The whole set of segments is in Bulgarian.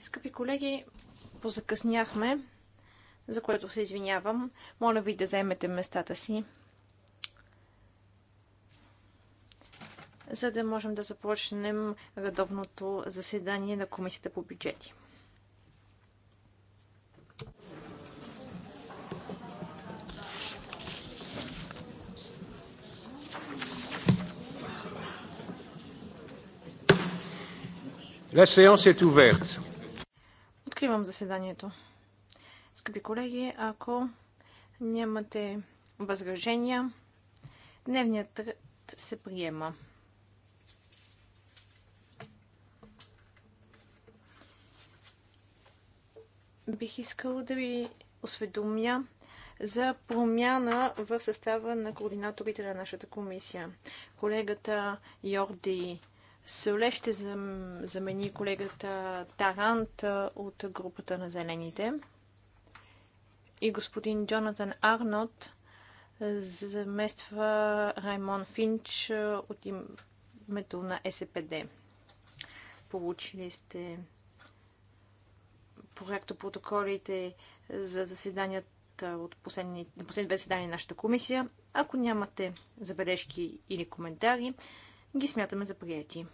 Скъпи колеги, позакъсняхме, за което се извинявам. Моля ви да заемете местата си, за да можем да започнем редовното заседание на Комисията по бюджети. La séance est ouverte. Откривам заседанието. Скъпи колеги, ако нямате възражения, дневният ред се приема. Бих искал да ви осведомя за промяна в състава на координаторите на нашата комисия. Колегата Йорди Соле ще замени колегата Тарант от групата на Зелените. И господин Джонатан Арнот замества Раймон Финч от името на СПД. Получили сте проекто протоколите за заседанията от последни, последните две заседания на нашата комисия. Ако нямате забележки или коментари, ги смятаме за прияти.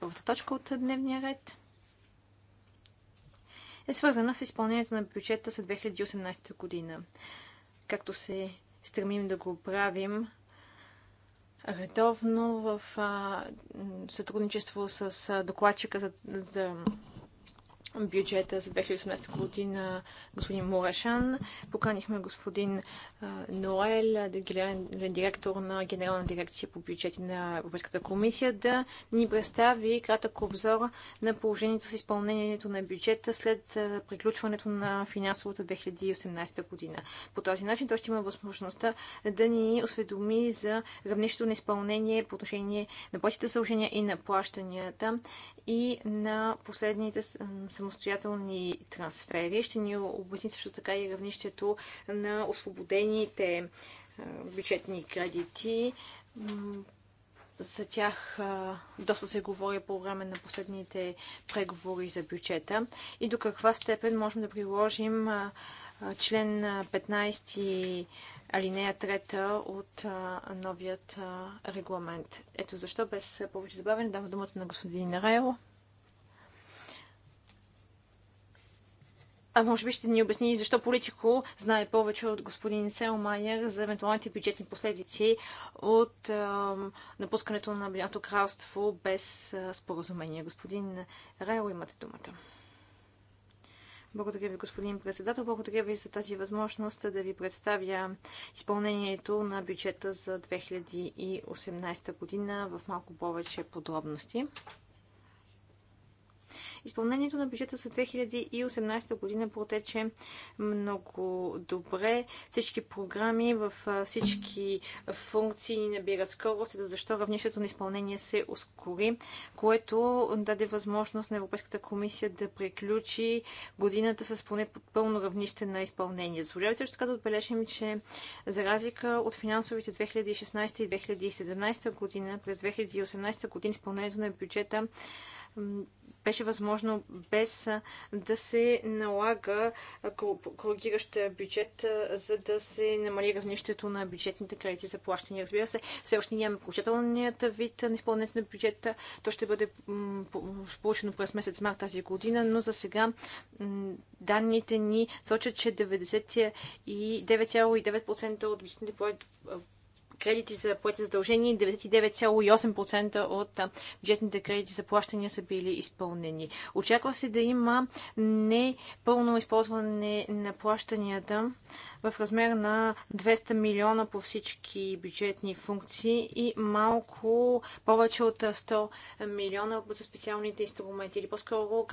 Първата точка от дневния ред е свързана с изпълнението на бюджета за 2018 година. Както се стремим да го правим редовно в а, сътрудничество с а, докладчика за, за бюджета за 2018 година господин Мурашан. Поканихме господин Ноел, генерален директор на Генерална дирекция по бюджети на Европейската комисия, да ни представи кратък обзор на положението с изпълнението на бюджета след приключването на финансовата 2018 година. По този начин той ще има възможността да ни осведоми за равнището на изпълнение по отношение на платите съложения и на плащанията и на последните само самостоятелни трансфери. Ще ни обясни също така и равнището на освободените бюджетни кредити. За тях доста се говори по време на последните преговори за бюджета и до каква степен можем да приложим член 15 алинея 3 от новият регламент. Ето защо без повече забавяне дам думата на господин Райло. А може би ще ни обясни защо политико знае повече от господин Селмайер за евентуалните бюджетни последици от а, напускането на Обединеното кралство без а, споразумение. Господин Райл, имате думата. Благодаря ви, господин председател. Благодаря ви за тази възможност да ви представя изпълнението на бюджета за 2018 година в малко повече подробности. Изпълнението на бюджета за 2018 година протече много добре. Всички програми в всички функции набират скорост, ето защо равнището на изпълнение се ускори, което даде възможност на Европейската комисия да приключи годината с поне пълно равнище на изпълнение. Заслужава също така да отбележим, че за разлика от финансовите 2016 и 2017 година, през 2018 година изпълнението на бюджета беше възможно без да се налага коригиращ бюджет, за да се намали равнището на бюджетните кредити за плащане. Разбира се, все още нямаме окончателният вид на изпълнението на бюджета. То ще бъде получено през месец март тази година, но за сега данните ни сочат, че 99,9% от бюджетните кредити за поети задължения и 99,8% от бюджетните кредити за плащания са били изпълнени. Очаква се да има непълно използване на плащанията в размер на 200 милиона по всички бюджетни функции и малко повече от 100 милиона за специалните инструменти. Или по-скоро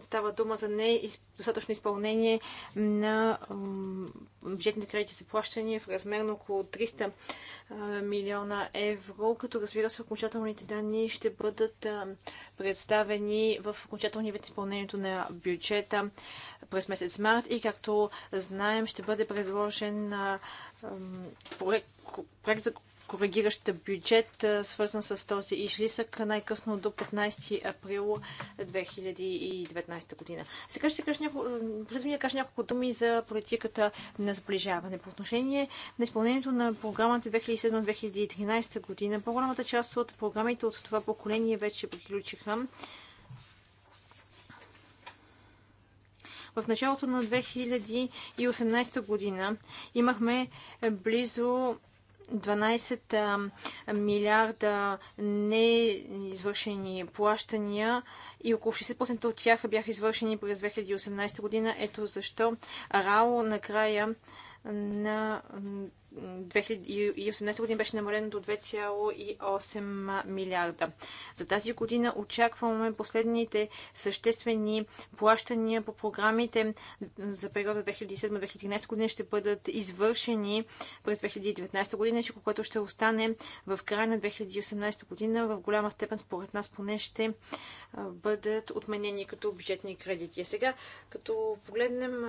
става дума за достатъчно изпълнение на бюджетните кредити за плащане в размер на около 300 милиона евро, като разбира се, окончателните данни ще бъдат представени в окончателния вид изпълнението на бюджета през месец март и както знаем ще бъде през предложен проект, за коригиращ бюджет, свързан с този излисък най-късно до 15 април 2019 година. Сега ще кажа няколко, кажа няколко думи за политиката на сближаване. По отношение на изпълнението на програмата 2007-2013 година, по-голямата част от програмите от това поколение вече приключиха. В началото на 2018 година имахме близо 12 милиарда неизвършени плащания и около 60% от тях бяха извършени през 2018 година. Ето защо РАО накрая на 2018 година беше намалено до 2,8 милиарда. За тази година очакваме последните съществени плащания по програмите за периода 2007-2013 година ще бъдат извършени през 2019 година, което ще остане в края на 2018 година, в голяма степен според нас поне ще бъдат отменени като бюджетни кредити. А сега, като погледнем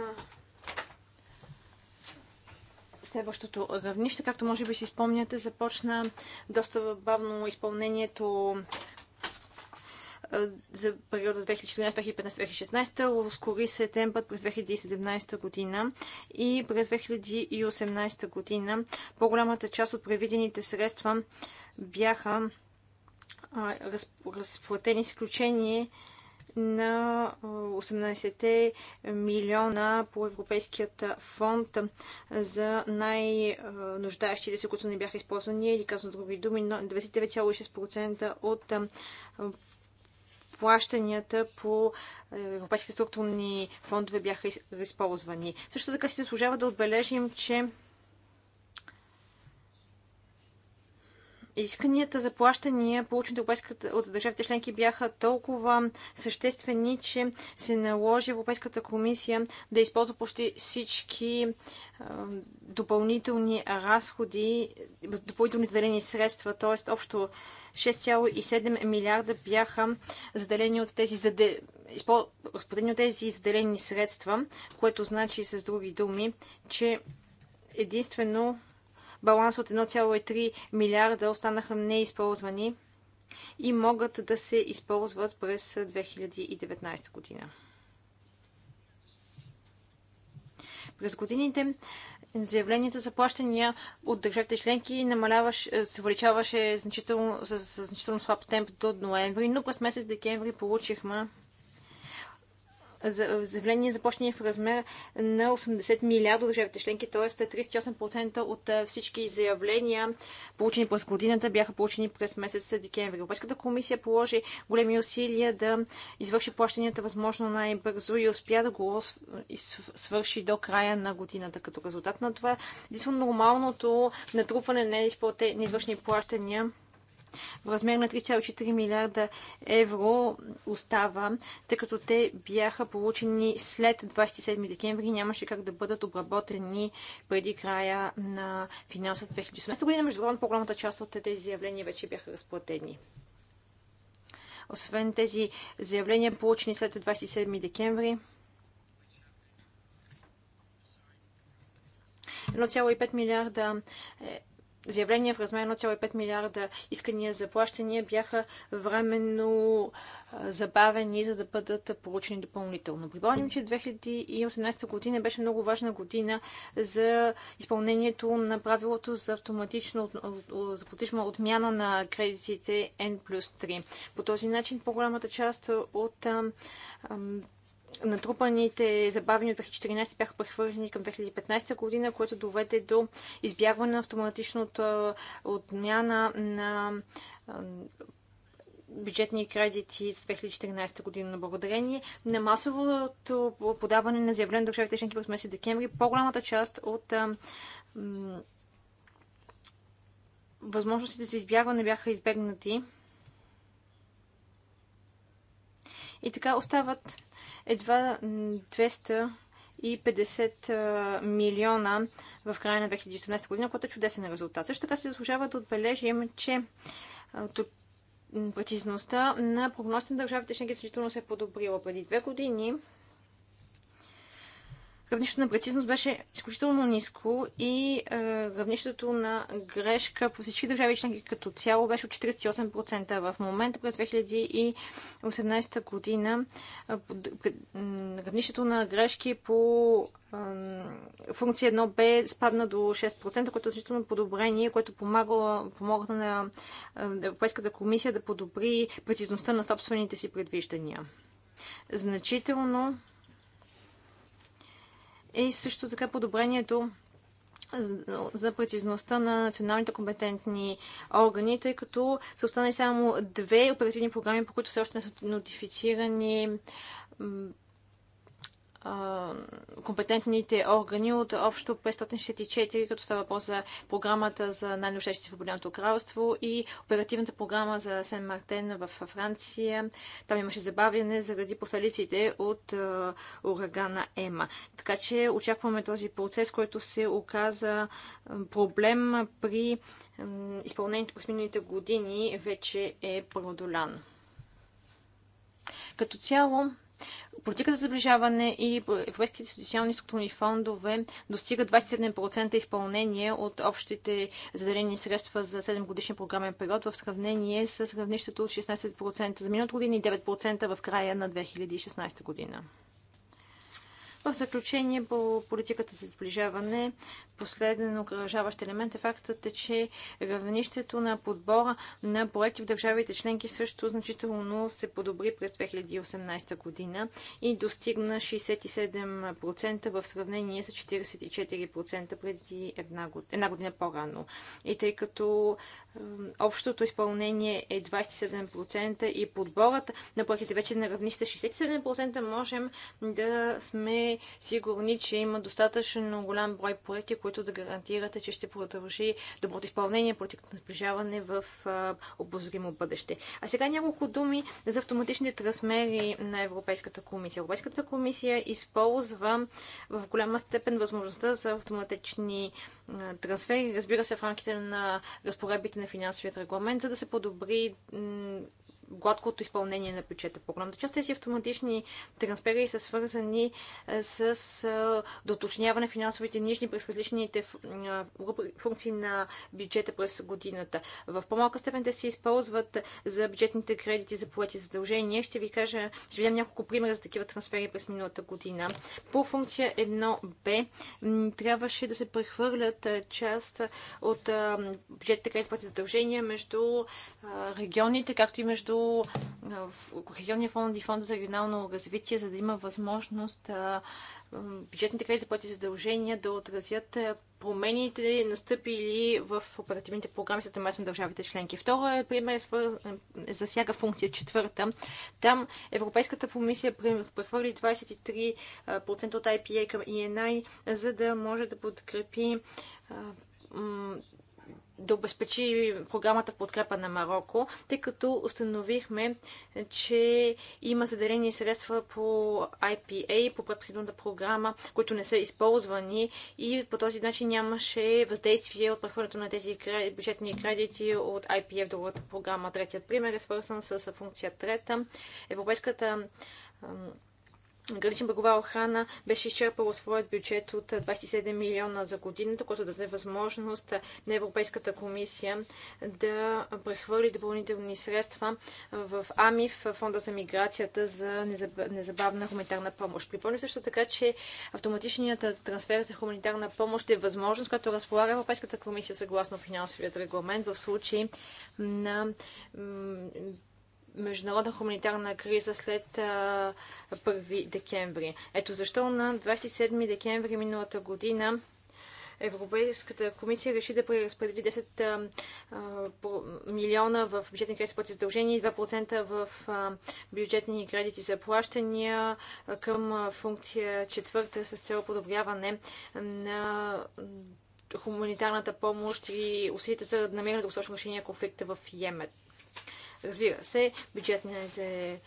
следващото равнище. Както може би си спомняте, започна доста бавно изпълнението за периода 2014-2015-2016, ускори се темпът през 2017 година и през 2018 година по-голямата част от превидените средства бяха разплатени изключение на 18 милиона по Европейският фонд за най-нуждаещите се, които не бяха използвани, или казвам други думи, 29,6% от плащанията по европейските структурни фондове бяха използвани. Също така си заслужава да отбележим, че исканията за плащания, получени от държавите членки, бяха толкова съществени, че се наложи Европейската комисия да използва почти всички допълнителни разходи, допълнителни заделени средства, т.е. общо 6,7 милиарда бяха заделени от тези заде... разпределени от тези заделени средства, което значи с други думи, че единствено баланс от 1,3 милиарда останаха неизползвани и могат да се използват през 2019 година. През годините заявленията за плащания от държавите членки е, се увеличаваше значително, с значително слаб темп до ноември, но през месец декември получихме за плащане в размер на 80 милиарда държавите членки, т.е. 38% от всички заявления, получени през годината, бяха получени през месец декември. Европейската комисия положи големи усилия да извърши плащанията възможно най-бързо и успя да го свърши до края на годината. Като резултат на това, единствено нормалното натрупване на неизвършени плащания в размер на 3,4 милиарда евро остава, тъй като те бяха получени след 27 декември и нямаше как да бъдат обработени преди края на финанса 2018 година. Между другото, по-голямата част от тези заявления вече бяха разплатени. Освен тези заявления, получени след 27 декември, 1,5 милиарда заявления в размер 1,5 милиарда искания за плащания бяха временно забавени, за да бъдат получени допълнително. Припомням, че 2018 година беше много важна година за изпълнението на правилото за автоматично, за автоматична отмяна на кредитите N плюс 3. По този начин по-голямата част от натрупаните забавени от 2014 бяха прехвърлени към 2015 година, което доведе до избягване на автоматичната отмяна на бюджетни кредити с 2014 година. Благодарение на масовото подаване на заявление на държавите членки през месец декември, по-голямата част от възможностите за избягване бяха избегнати И така остават едва 250 милиона в края на 2014 година, което е чудесен резултат. Също така се заслужава да отбележим, че прецизността на прогнозите на държавите членки значително се е подобрила. Преди две години равнището на прецизност беше изключително ниско и е, равнището на грешка по всички държави членки като цяло беше от 48%. В момента през 2018 година е, равнището на грешки по е, функция 1b спадна до 6%, което е значително подобрение, което помагало, помогна на е, Европейската комисия да подобри прецизността на собствените си предвиждания. Значително и също така подобрението за прецизността на националните компетентни органи, тъй като са останали само две оперативни програми, по които все още не са нотифицирани компетентните органи от общо 564, като става въпрос за програмата за най-неушещи в Голямото кралство и оперативната програма за Сен Мартен в Франция. Там имаше забавяне заради последиците от урагана Ема. Така че очакваме този процес, който се оказа проблем при изпълнението през миналите години вече е продолян. Като цяло, Политиката за заближаване и европейските социални структурни фондове достига 27% изпълнение от общите заделени средства за 7 годишния програмен период в сравнение с равнището от 16% за миналата година и 9% в края на 2016 година. В заключение по политиката за сближаване, последен окръжаващ елемент е фактът, е, че равнището на подбора на проекти в държавите членки също значително се подобри през 2018 година и достигна 67% в сравнение с 44% преди една година, една година по-рано. И тъй като общото изпълнение е 27% и подборът на проектите вече е на равнище 67%, можем да сме сигурни, че има достатъчно голям брой проекти, които да гарантирате, че ще продължи доброто изпълнение, политиката на сближаване в обозримо бъдеще. А сега няколко думи за автоматичните трансмери на Европейската комисия. Европейската комисия използва в голяма степен възможността за автоматични трансфери, разбира се, в рамките на разпоредбите на финансовият регламент, за да се подобри гладкото изпълнение на бюджета. По голямата част тези автоматични трансфери са свързани е, с е, доточняване на финансовите нижни през различните е, функции на бюджета през годината. В по-малка степен те се използват за бюджетните кредити за поети задължения. Ще ви кажа, ще ви дам няколко примера за такива трансфери през миналата година. По функция 1Б трябваше да се прехвърлят част от бюджетите кредити за поети задължения между регионите, както и между Кохезионния фонд и фонда за регионално развитие, за да има възможност бюджетните кредити за плати задължения да отразят промените настъпили в оперативните програми за на държавите членки. Второ, е пример е свърз... Е, засяга функция четвърта. Там Европейската комисия прехвърли 23% от IPA към ENI, за да може да подкрепи да обезпечи програмата в подкрепа на Марокко, тъй като установихме, че има заделени средства по IPA, по препосредната програма, които не са използвани и по този начин нямаше въздействие от прехвърлянето на тези бюджетни кредити от IPA в другата програма. Третият пример е свързан с функция трета. Европейската Граничен брегова охрана беше изчерпала своят бюджет от 27 милиона за годината, което даде възможност на Европейската комисия да прехвърли допълнителни средства в АМИФ, Фонда за миграцията за незабавна хуманитарна помощ. Припомням също така, че автоматичният трансфер за хуманитарна помощ е възможност, която разполага Европейската комисия съгласно финансовият регламент в случай на международна хуманитарна криза след 1 декември. Ето защо на 27 декември миналата година Европейската комисия реши да преразпредели 10 милиона в бюджетни кредити за задължения и 2% в бюджетни кредити за плащания към функция четвърта с цел подобряване на хуманитарната помощ и усилите за намиране на дългосрочно решение на конфликта в Йемен. Разбира се, бюджетните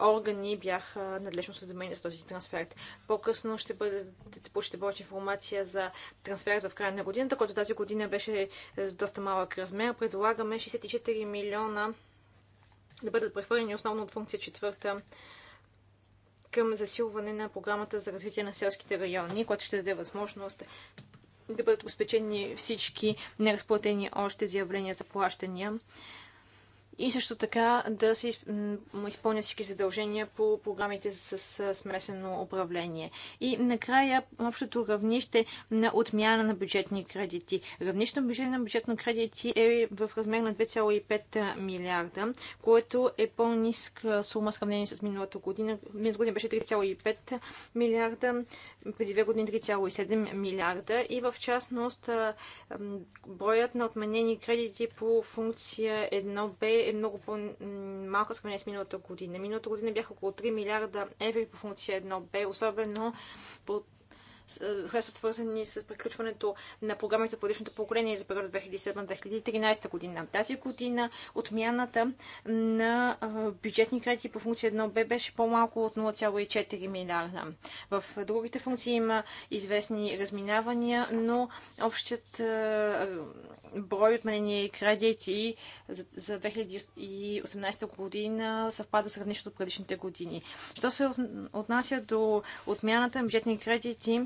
органи бяха надлежно съдомени за този трансферт. По-късно ще бъдете получите повече информация за трансферът в края на годината, който тази година беше е, с доста малък размер. Предлагаме 64 милиона да бъдат прехвърлени основно от функция четвърта към засилване на програмата за развитие на селските райони, което ще даде възможност да бъдат обеспечени всички неразплатени още заявления за плащания и също така да се изпълня всички задължения по програмите с смесено управление. И накрая общото равнище на отмяна на бюджетни кредити. Равнището на бюджетни на бюджетно кредити е в размер на 2,5 милиарда, което е по-ниска сума сравнение с миналата година. Миналата година беше 3,5 милиарда преди две години 3,7 милиарда и в частност броят на отменени кредити по функция 1Б е много по малко сравнение с миналата година. Миналата година бяха около 3 милиарда евро по функция 1Б, особено по средства свързани с приключването на програмите от предишното поколение за период 2007-2013 година. Тази година отмяната на бюджетни кредити по функция 1Б беше по-малко от 0,4 милиарда. В другите функции има известни разминавания, но общият брой отменени кредити за 2018 година съвпада с равнището от предишните години. Що се отнася до отмяната на бюджетни кредити,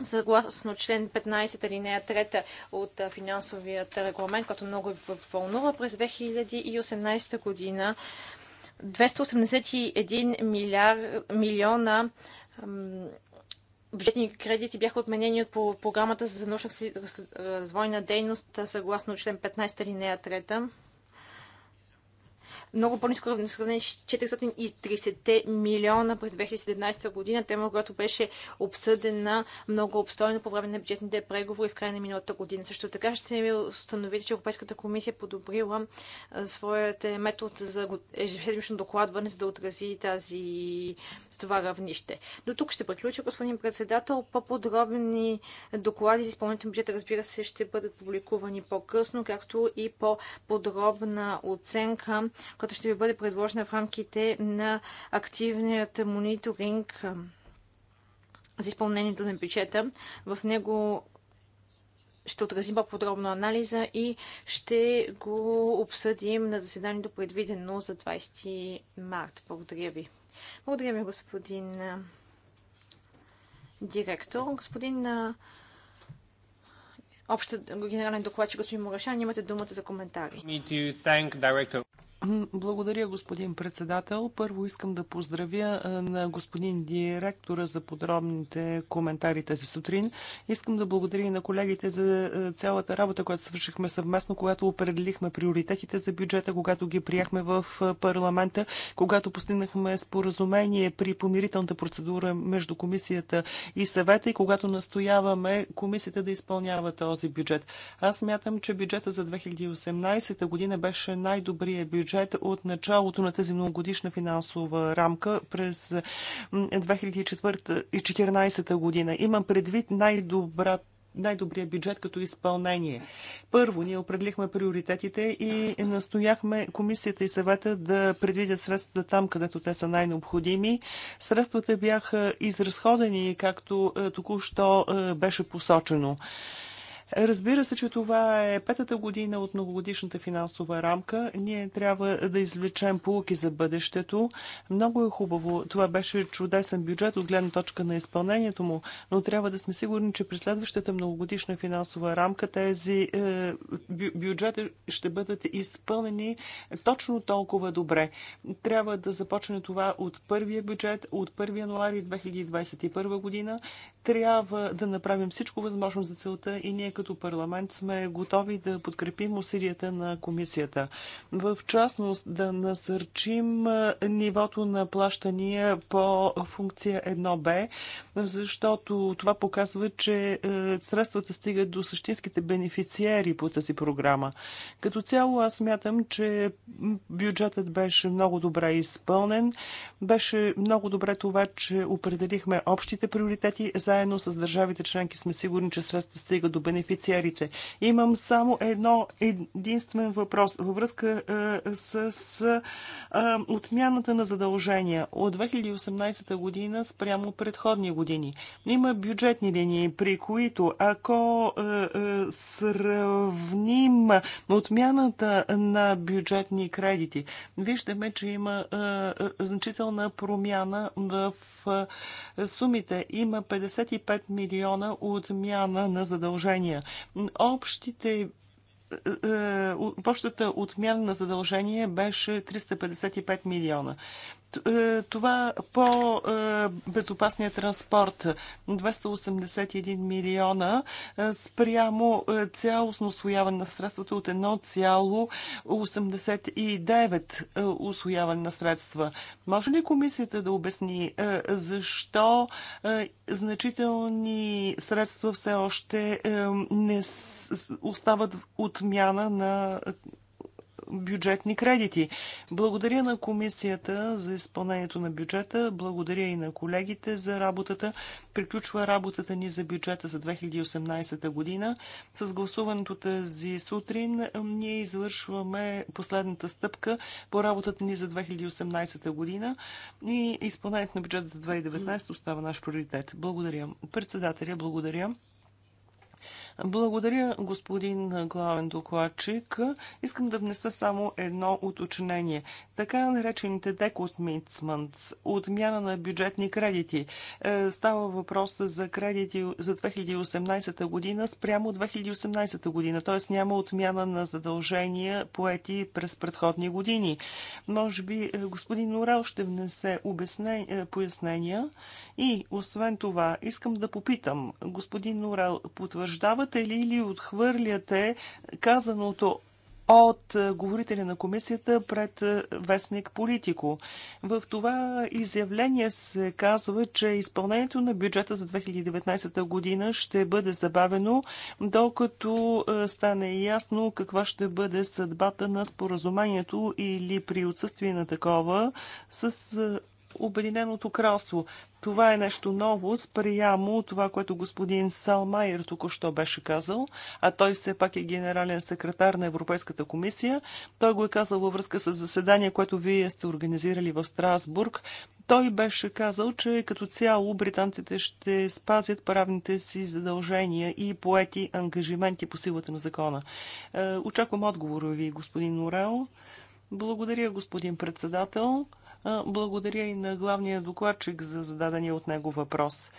съгласно член 15 алинея 3 от финансовият регламент, който много вълнува през 2018 година. 281 милиар, милиона бюджетни кредити бяха отменени от програмата за научна развойна дейност съгласно член 15 алинея 3 много по низко равно сравнение 430 милиона през 2017 година, тема, която беше обсъдена много обстойно по време на бюджетните преговори в края на миналата година. Също така ще установите, че Европейската комисия подобрила своят е, метод за ежеседмично докладване, за да отрази тази това равнище. До тук ще приключа, господин председател. По-подробни доклади за изпълнителен бюджет, разбира се, ще бъдат публикувани по-късно, както и по-подробна оценка, която ще ви бъде предложена в рамките на активният мониторинг за изпълнението на бюджета. В него ще отразим по-подробно анализа и ще го обсъдим на заседанието предвидено за 20 март. Благодаря ви. Благодаря ви, господин директор. Господин общ генерален докладчик, господин Мурашан, имате думата за коментари. Благодаря, господин председател. Първо искам да поздравя на господин директора за подробните коментари тази сутрин. Искам да благодаря и на колегите за цялата работа, която свършихме съвместно, когато определихме приоритетите за бюджета, когато ги приехме в парламента, когато постигнахме споразумение при помирителната процедура между комисията и съвета и когато настояваме комисията да изпълнява този бюджет. Аз мятам, че бюджета за 2018 година беше най-добрия бюджет бюджет от началото на тази многогодишна финансова рамка през 2014 година. Имам предвид най-добрата най-добрия бюджет като изпълнение. Първо, ние определихме приоритетите и настояхме комисията и съвета да предвидят средствата там, където те са най-необходими. Средствата бяха изразходени, както е, току-що е, беше посочено. Разбира се, че това е петата година от многогодишната финансова рамка. Ние трябва да извлечем полуки за бъдещето. Много е хубаво. Това беше чудесен бюджет от гледна точка на изпълнението му, но трябва да сме сигурни, че през следващата многогодишна финансова рамка тези е, бюджети ще бъдат изпълнени точно толкова добре. Трябва да започне това от първия бюджет, от 1 януари 2021 година трябва да направим всичко възможно за целта и ние като парламент сме готови да подкрепим усилията на комисията. В частност да насърчим нивото на плащания по функция 1Б, защото това показва, че средствата стигат до същинските бенефициери по тази програма. Като цяло аз мятам, че бюджетът беше много добре изпълнен. Беше много добре това, че определихме общите приоритети за заедно с държавите членки сме сигурни, че средства стига до бенефициарите. Имам само едно единствен въпрос във връзка е, с, с е, отмяната на задължения от 2018 година спрямо предходни години. Има бюджетни линии, при които ако е, е, сравним отмяната на бюджетни кредити, виждаме, че има е, е, значителна промяна в е, сумите. Има 50 55 милиона отмяна на задължения. Общите е, е, Общата отмяна на задължение беше 355 милиона. Е, това по е, безопасния транспорт 281 милиона е, спрямо цялостно освояване на средствата от 1,89 освояване на средства. Може ли комисията да обясни защо значителни средства все още не остават отмяна на бюджетни кредити. Благодаря на комисията за изпълнението на бюджета, благодаря и на колегите за работата. Приключва работата ни за бюджета за 2018 година. С гласуването тази сутрин ние извършваме последната стъпка по работата ни за 2018 година и изпълнението на бюджет за 2019 остава наш приоритет. Благодаря. Председателя, благодаря. Благодаря, господин главен докладчик. Искам да внеса само едно уточнение. Така наречените декотмитсмънтс, отмяна на бюджетни кредити. Е, става въпрос за кредити за 2018 година спрямо 2018 година, т.е. няма отмяна на задължения поети през предходни години. Може би е, господин Орел ще внесе е, пояснения. И освен това, искам да попитам, господин Орел потвърждава приемате ли или отхвърляте казаното от е, говорителя на комисията пред е, вестник Политико. В това изявление се казва, че изпълнението на бюджета за 2019 година ще бъде забавено, докато е, стане ясно каква ще бъде съдбата на споразумението или при отсъствие на такова с Обединеното кралство. Това е нещо ново спрямо това, което господин Салмайер току-що беше казал, а той все пак е генерален секретар на Европейската комисия. Той го е казал във връзка с заседание, което вие сте организирали в Страсбург. Той беше казал, че като цяло британците ще спазят правните си задължения и поети ангажименти по силата на закона. Е, очаквам отговора ви, господин Орел. Благодаря, господин председател. Благодаря и на главния докладчик за зададения от него въпрос.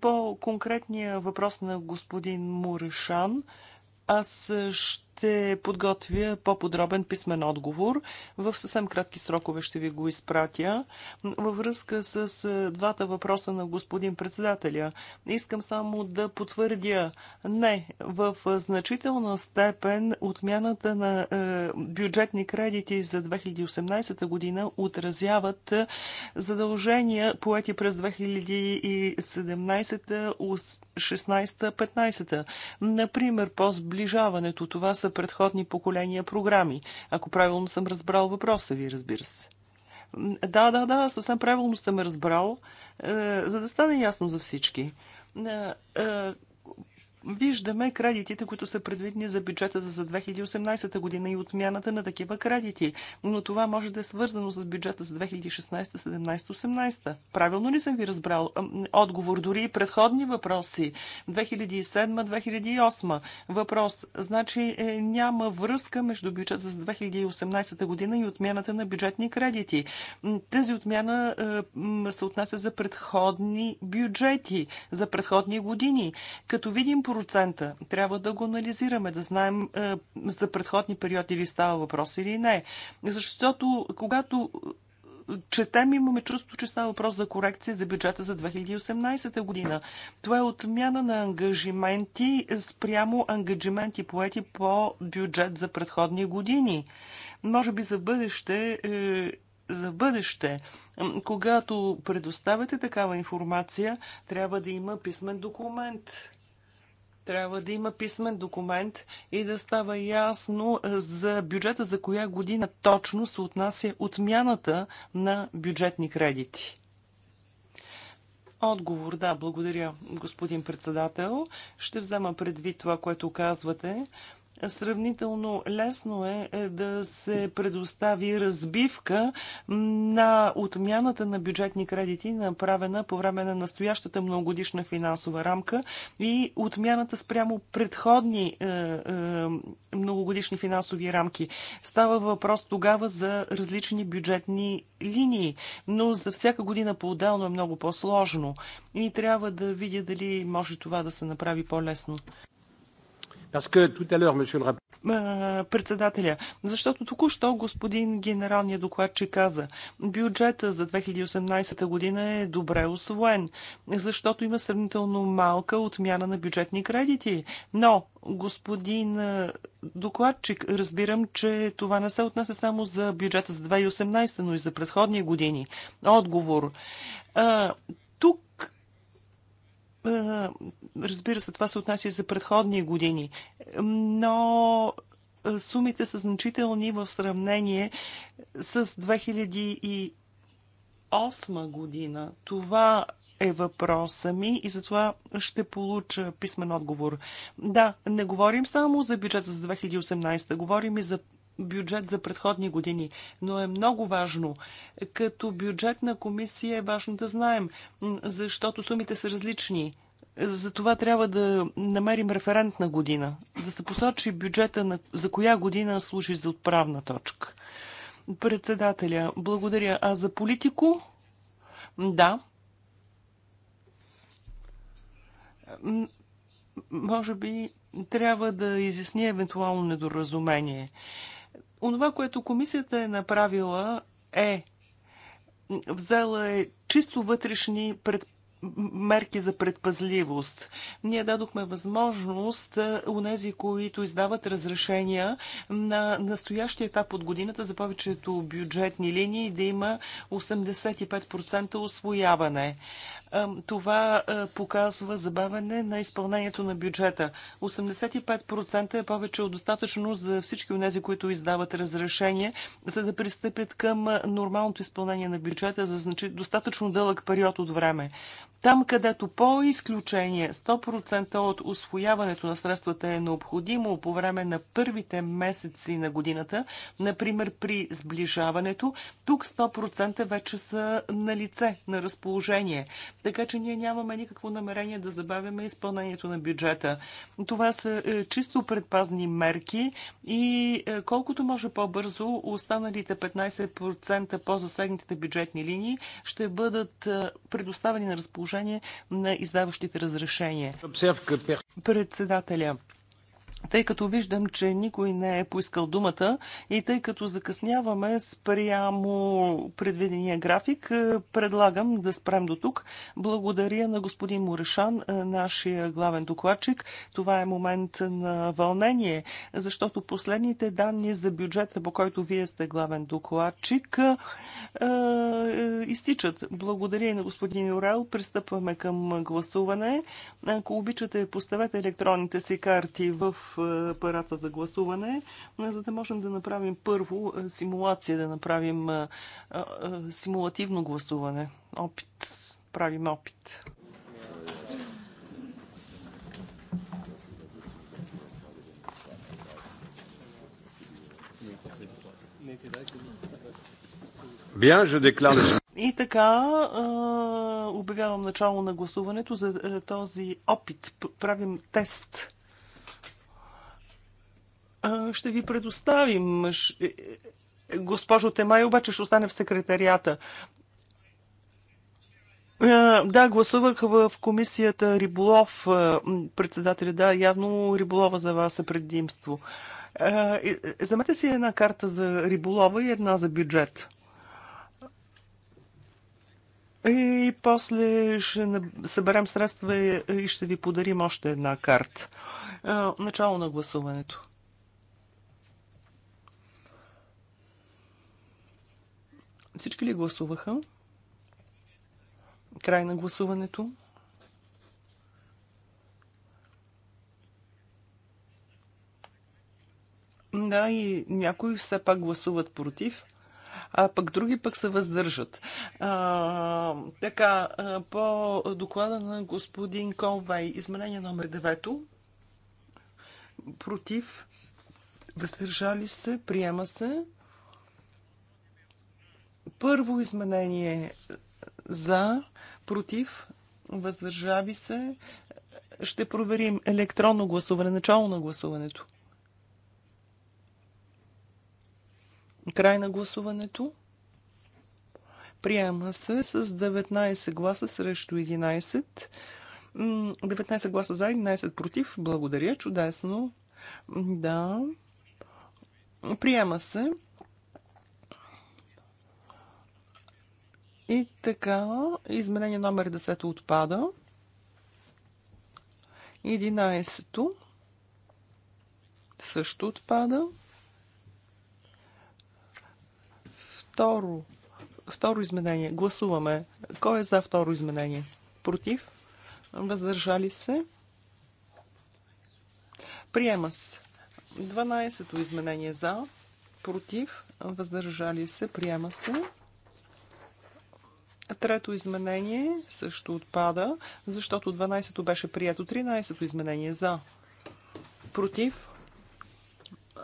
По конкретния въпрос на господин Муришан, аз ще ще подготвя по-подробен писмен отговор. В съвсем кратки срокове ще ви го изпратя. Във връзка с двата въпроса на господин председателя, искам само да потвърдя. Не, в значителна степен отмяната на бюджетни кредити за 2018 година отразяват задължения поети през 2017, 16, 15. Например, по сближаването това са са предходни поколения програми. Ако правилно съм разбрал въпроса ви, разбира се. Да, да, да, съвсем правилно съм разбрал, е, за да стане ясно за всички. Е, е, виждаме кредитите, които са предвидени за бюджета за 2018 година и отмяната на такива кредити. Но това може да е свързано с бюджета за 2016, 17, 18. Правилно ли съм ви разбрал? Отговор дори и предходни въпроси. 2007-2008 въпрос. Значи е, няма връзка между бюджета за 2018 година и отмяната на бюджетни кредити. Тази отмяна е, се отнася за предходни бюджети, за предходни години. Като видим процента. Трябва да го анализираме, да знаем е, за предходни периоди или става въпрос или не. Защото когато е, четем, имаме чувство, че става въпрос за корекция за бюджета за 2018 година. Това е отмяна на ангажименти спрямо ангажименти поети по бюджет за предходни години. Може би за бъдеще е, за бъдеще. Когато предоставяте такава информация, трябва да има писмен документ трябва да има писмен документ и да става ясно е, за бюджета за коя година точно се отнася отмяната на бюджетни кредити. Отговор, да, благодаря, господин председател. Ще взема предвид това, което казвате. Сравнително лесно е, е да се предостави разбивка на отмяната на бюджетни кредити, направена по време на настоящата многогодишна финансова рамка и отмяната спрямо предходни е, е, многогодишни финансови рамки. Става въпрос тогава за различни бюджетни линии, но за всяка година по-отделно е много по-сложно и трябва да видя дали може това да се направи по-лесно. Председателя, защото току-що господин генералният докладчик каза, бюджета за 2018 година е добре освоен, защото има сравнително малка отмяна на бюджетни кредити. Но, господин докладчик, разбирам, че това не се отнася само за бюджета за 2018, но и за предходни години. Отговор Разбира се, това се отнася за предходни години, но сумите са значителни в сравнение с 2008 година. Това е въпроса ми и затова ще получа писмен отговор. Да, не говорим само за бюджета за 2018, говорим и за бюджет за предходни години, но е много важно. Като бюджетна комисия е важно да знаем, защото сумите са различни. За това трябва да намерим референтна година, да се посочи бюджета на, за коя година служи за отправна точка. Председателя, благодаря. А за политико? Да. Може би трябва да изясни евентуално недоразумение. Онова, което комисията е направила е взела е чисто вътрешни пред, мерки за предпазливост. Ние дадохме възможност у е, нези, които издават разрешения на настоящия етап от годината за повечето бюджетни линии да има 85% освояване това показва забавене на изпълнението на бюджета. 85% е повече от достатъчно за всички от тези, които издават разрешение, за да пристъпят към нормалното изпълнение на бюджета за значи, достатъчно дълъг период от време. Там, където по изключение 100% от освояването на средствата е необходимо по време на първите месеци на годината, например при сближаването, тук 100% вече са на лице, на разположение. Така че ние нямаме никакво намерение да забавяме изпълнението на бюджета. Това са е, чисто предпазни мерки и е, колкото може по-бързо останалите 15% по-засегнатите бюджетни линии ще бъдат е, предоставени на разположение отношение на издаващите разрешения. Председателя тъй като виждам, че никой не е поискал думата и тъй като закъсняваме спрямо предвидения график, е, предлагам да спрем до тук. Благодаря на господин Морешан, е, нашия главен докладчик. Това е момент на вълнение, защото последните данни за бюджета, по който вие сте главен докладчик, е, изтичат. Благодаря и на господин Орел. Пристъпваме към гласуване. Ако обичате, поставете електронните си карти в апарата за гласуване, за да можем да направим първо симулация, да направим симулативно гласуване. Опит. Правим опит. Bien, je déclare И така, обявявам начало на гласуването за този опит. Правим тест. Ще ви предоставим. Е, е, госпожо Темай обаче ще остане в секретарията. Да, гласувах в комисията Риболов, председателя. Да, явно Риболова за вас е предимство. Е, Замете си една карта за Риболова и една за бюджет. И после ще съберем средства и ще ви подарим още една карта. Начало на гласуването. Всички ли гласуваха? Край на гласуването. Да, и някои все пак гласуват против, а пък други пък се въздържат. А, така, по доклада на господин Колвай, изменение номер 9. Против, въздържали се, приема се. Първо изменение за, против, въздържави се. Ще проверим електронно гласуване, начало на гласуването. Край на гласуването. Приема се с 19 гласа срещу 11. 19 гласа за, 11 против. Благодаря, чудесно. Да. Приема се. И така, изменение номер 10 отпада. 11-то също отпада. Второ, второ изменение. Гласуваме. Кой е за второ изменение? Против? Въздържали се? Приема се. 12-то изменение за. Против? Въздържали се? Приема се. Трето изменение също отпада, защото 12-то беше прието. 13-то изменение за. Против.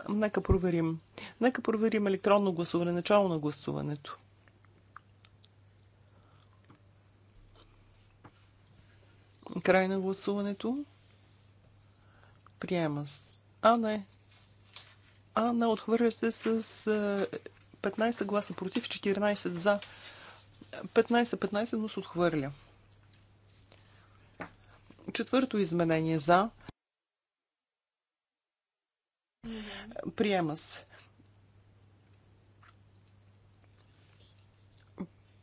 Нека проверим. Нека проверим електронно гласуване, начало на гласуването. Край на гласуването. Приема с. А, не. А, не, отхвърля се с 15 е, гласа против, 14 за. 15-15, но се отхвърля. Четвърто изменение за. Приема се.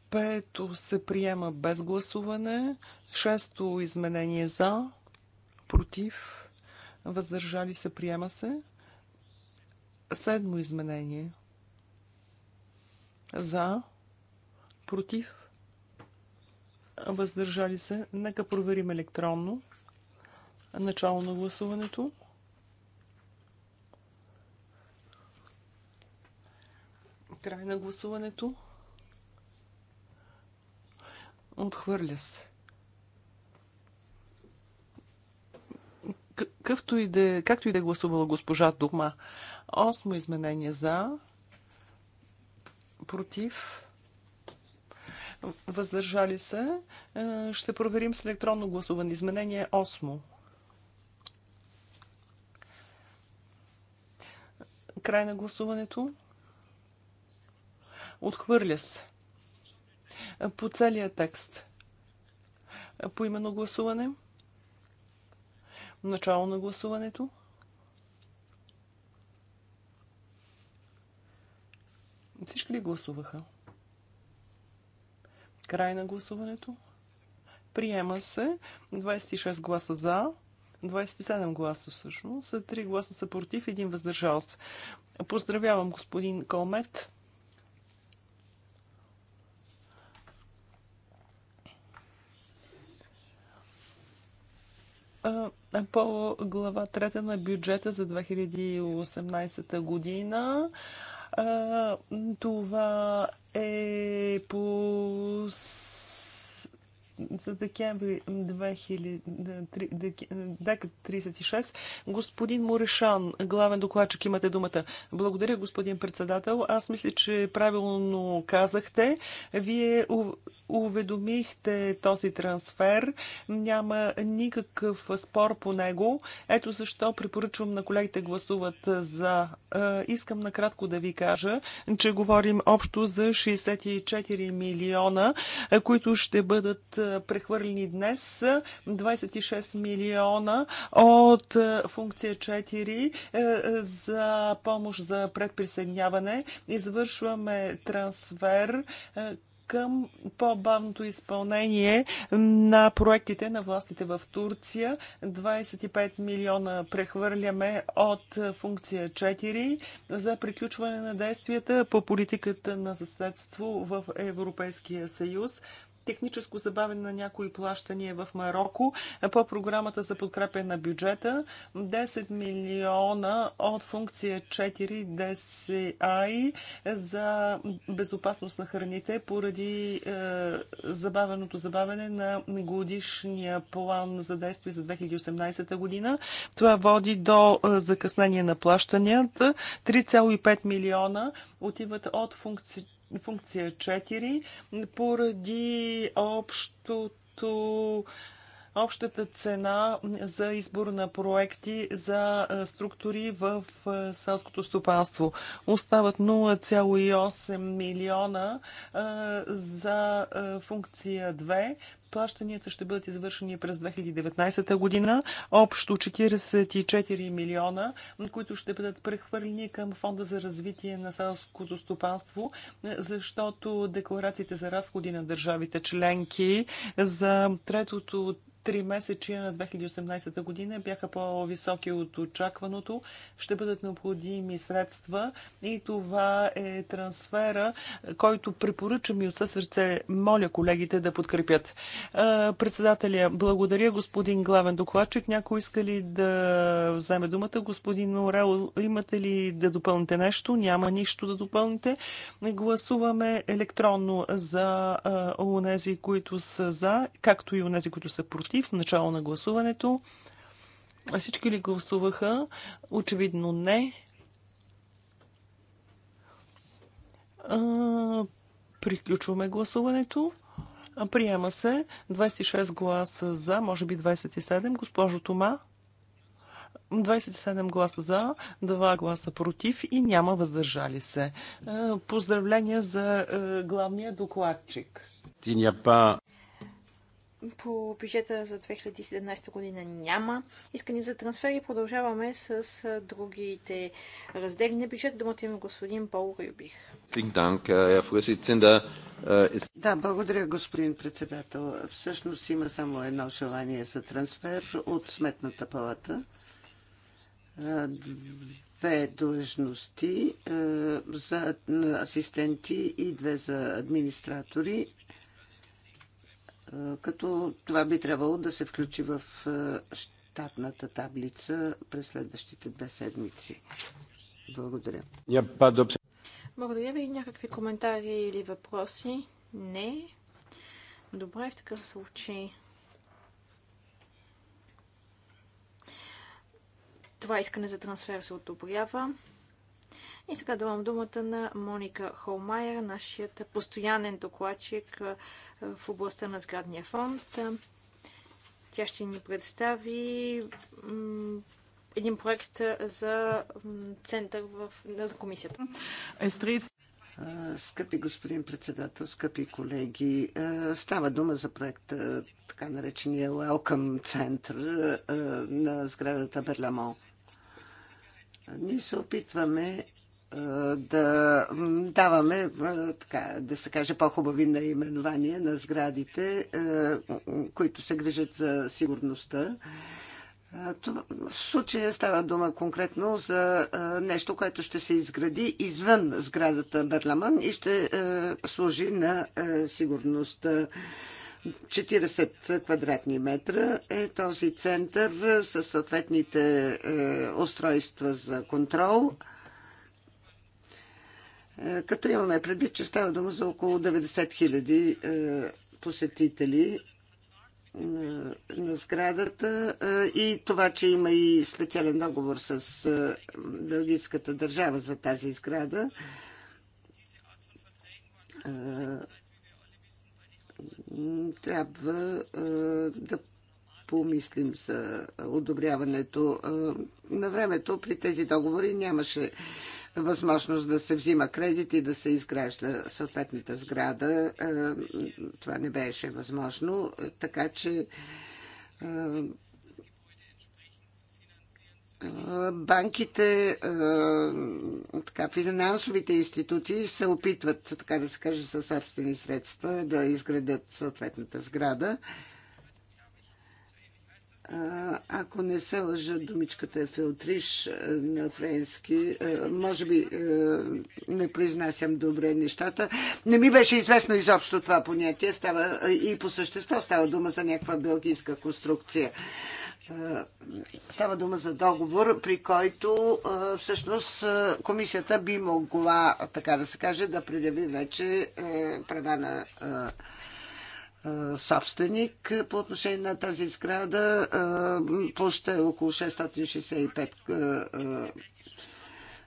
Пето се приема без гласуване. Шесто изменение за. Против. Въздържали се. Приема се. Седмо изменение. За против, въздържали се. Нека проверим електронно. Начало на гласуването. Край на гласуването. Отхвърля се. Какъвто и да, е, както и да е гласувала госпожа Дума. Осмо изменение за, против, въздържали се. Е, ще проверим с електронно гласуване. Изменение 8. Край на гласуването. Отхвърля се. По целия текст. По именно гласуване. Начало на гласуването. Всички ли гласуваха? Край на гласуването. Приема се 26 гласа за, 27 гласа всъщност, 3 гласа са против, 1 въздържал се. Поздравявам господин Колмет. По глава 3 на бюджета за 2018 година. Това е по за декември 2036. Господин Морешан, главен докладчик, имате думата. Благодаря, господин председател. Аз мисля, че правилно казахте. Вие уведомихте този трансфер. Няма никакъв спор по него. Ето защо препоръчвам на колегите гласуват за. Е, искам накратко да ви кажа, че говорим общо за 64 милиона, е, които ще бъдат е, прехвърлени днес 26 милиона от е, функция 4 е, е, за помощ за предприсъединяване. Извършваме трансфер към по-бавното изпълнение на проектите на властите в Турция. 25 милиона прехвърляме от функция 4 за приключване на действията по политиката на съседство в Европейския съюз техническо забавене на някои плащания в Марокко по програмата за подкрепя на бюджета. 10 милиона от функция 4 DCI за безопасност на храните поради е, забавеното забавене на годишния план за действие за 2018 година. Това води до е, закъснение на плащанията. 3,5 милиона отиват от функция функция 4 поради общото общата цена за избор на проекти за структури в селското стопанство. Остават 0,8 милиона за функция 2, Плащанията ще бъдат извършени през 2019 година. Общо 44 милиона, които ще бъдат прехвърлени към Фонда за развитие на селското стопанство, защото декларациите за разходи на държавите членки за третото три месечия на 2018 година бяха по-високи от очакваното. Ще бъдат необходими средства и това е трансфера, който препоръчам и от със сърце моля колегите да подкрепят. Председателя, благодаря господин главен докладчик. Някой иска ли да вземе думата? Господин Орел, имате ли да допълните нещо? Няма нищо да допълните. Гласуваме електронно за унези, които са за, както и унези, които са против против, начало на гласуването. Всички ли гласуваха? Очевидно не. приключваме гласуването. Приема се 26 гласа за, може би 27. Госпожо Тома, 27 гласа за, 2 гласа против и няма въздържали се. Поздравления за главния докладчик. Ти няма по бюджета за 2017 година няма. Искани за трансфери продължаваме с другите раздели на бюджет. Думата има господин Пол Рюбих. Äh, да, благодаря, господин председател. Всъщност има само едно желание за трансфер от Сметната палата. Äh, две длъжности äh, за асистенти и две за администратори е, като това би трябвало да се включи в е, щатната таблица през следващите две седмици. Благодаря. Благодаря ви. Някакви коментари или въпроси? Не. Добре, в такъв случай. Това искане за трансфер се одобрява. И сега давам думата на Моника Холмайер, нашият постоянен докладчик в областта на сградния фонд. Тя ще ни представи един проект за център в, за комисията. Скъпи господин председател, скъпи колеги, става дума за проекта, така наречения Welcome Center на сградата Берламо. Ние се опитваме да даваме, така, да се каже, по-хубави наименования на сградите, които се грижат за сигурността. В случая става дума конкретно за нещо, което ще се изгради извън сградата Берламан и ще служи на сигурността. 40 квадратни метра е този център със съответните устройства за контрол – е, като имаме предвид, че става дума за около 90 хиляди е, посетители е, на сградата и това, че има и специален договор с Белгийската държава за тази сграда. Трябва да помислим за одобряването. На времето при тези договори нямаше възможност да се взима кредит и да се изгражда съответната сграда. Е, това не беше възможно, така че е, банките, е, така, финансовите институти се опитват, така да се каже, със собствени средства да изградят съответната сграда. Ако не се лъжа, думичката е филтриш на френски. Може би не произнасям добре нещата. Не ми беше известно изобщо това понятие. Става, и по същество става дума за някаква белгийска конструкция. Става дума за договор, при който всъщност комисията би могла, така да се каже, да предяви вече права на собственик по отношение на тази сграда. Площа е около 665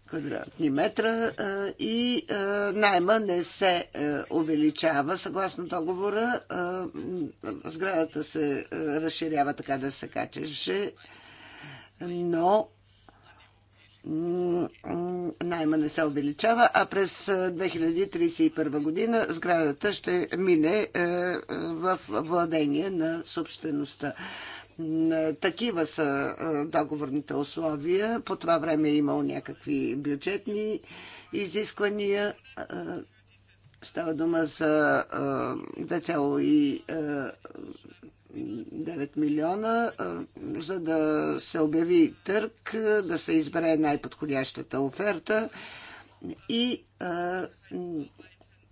квадратни метра и найма не се увеличава. Съгласно договора, сградата се разширява, така да се качеше, но найма не се увеличава, а през 2031 е, година сградата ще мине е, е, в владение на собствеността. Такива са договорните условия. По това време е имал някакви бюджетни изисквания. Става дума за 2,5 9 милиона, за да се обяви търг, да се избере най-подходящата оферта и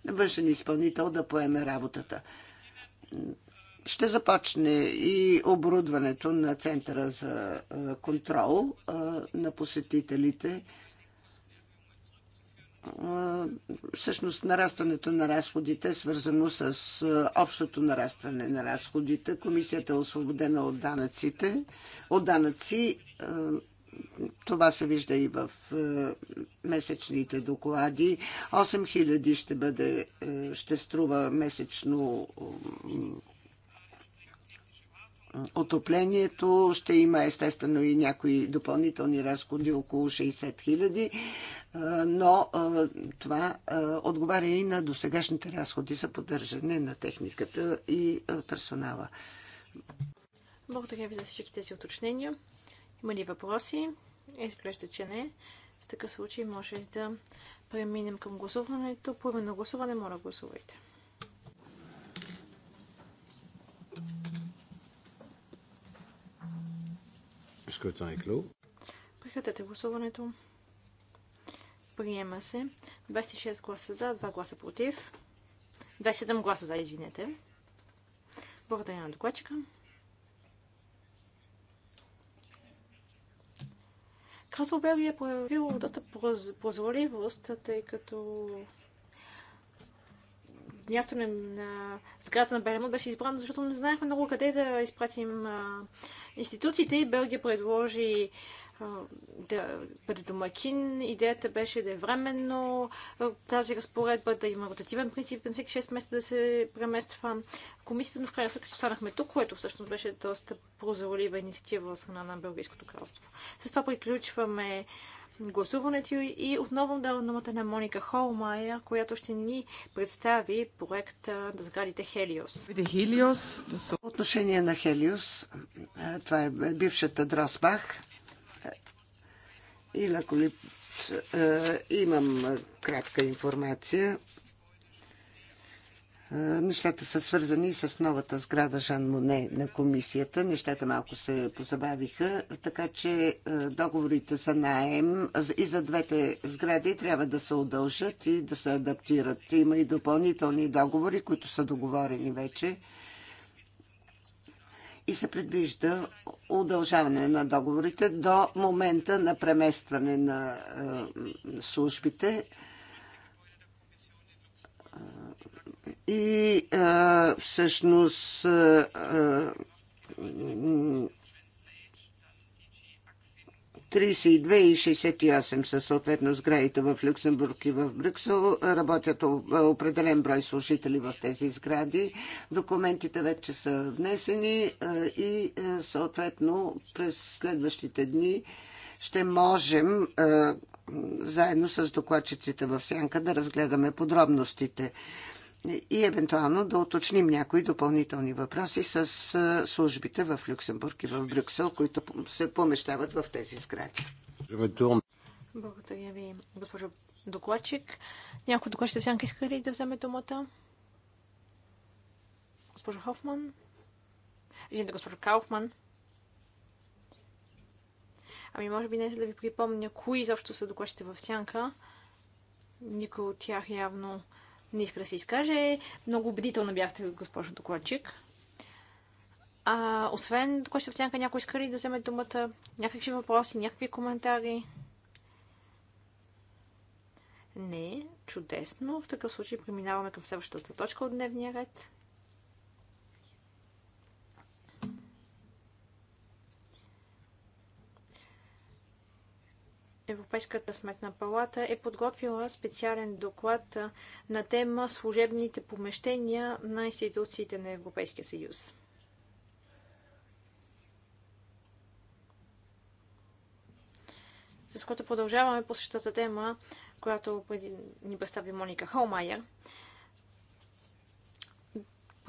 външен изпълнител да поеме работата. Ще започне и оборудването на Центъра за контрол на посетителите всъщност нарастването на разходите, свързано с общото нарастване на разходите. Комисията е освободена от данъците. От данъци това се вижда и в месечните доклади. 8000 ще бъде, ще струва месечно отоплението. Ще има естествено и някои допълнителни разходи около 60 хиляди, но това отговаря и на досегашните разходи за поддържане на техниката и персонала. Благодаря ви за всички тези уточнения. Има ли въпроси? Изглежда, че не. В такъв случай може да преминем към гласуването. По на гласуване, моля гласувайте. Скрутен е клюв. Прекратете гласуването. Приема се. 26 гласа за, 2 гласа против. 27 гласа за, извинете. Благодаря на докладчика. Казал Белгия е проявила доста позволивост, тъй като място на, на сградата на Белемот беше избрано, защото не знаехме много къде да изпратим а, институциите и Белгия предложи да бъде домакин. Идеята беше да е временно тази разпоредба, да има ротативен принцип, на всеки 6 месеца да се премества. Комисията, но в крайна сметка си останахме тук, което всъщност беше доста прозорлива инициатива от страна на Белгийското кралство. С това приключваме гласуването и отново давам думата на Моника Холмайер, която ще ни представи проекта да сградите Хелиос. отношение на Хелиос, това е бившата Дросбах и Лаколип имам кратка информация е, нещата са свързани и с новата сграда Жан Моне на комисията. Нещата малко се позабавиха, така че е, договорите за наем и за двете сгради трябва да се удължат и да се адаптират. Има и допълнителни договори, които са договорени вече. И се предвижда удължаване на договорите до момента на преместване на е, службите и а, всъщност а, а, 32 и 68 са съответно сградите в Люксембург и в Брюксел. Работят определен брой служители в тези сгради. Документите вече са внесени и съответно през следващите дни ще можем заедно с докладчиците в Сянка да разгледаме подробностите и евентуално да уточним някои допълнителни въпроси с службите в Люксембург и в Брюксел, които се помещават в тези сгради. Благодаря ви, госпожо докладчик. Някой докладчик сянка иска ли да вземе думата? Госпожо Хофман? Извинете, госпожо Кауфман. Ами, може би не да ви припомня кои изобщо са докладчите в сянка. Никой от тях явно не иска да се изкаже. Много убедителна бяхте, госпожо докладчик. А, освен докладчик в сянка, някой иска ли да вземе думата? Някакви въпроси, някакви коментари? Не, чудесно. В такъв случай преминаваме към следващата точка от дневния ред. Европейската сметна палата е подготвила специален доклад на тема служебните помещения на институциите на Европейския съюз. С което продължаваме по същата тема, която ни представи Моника Холмайер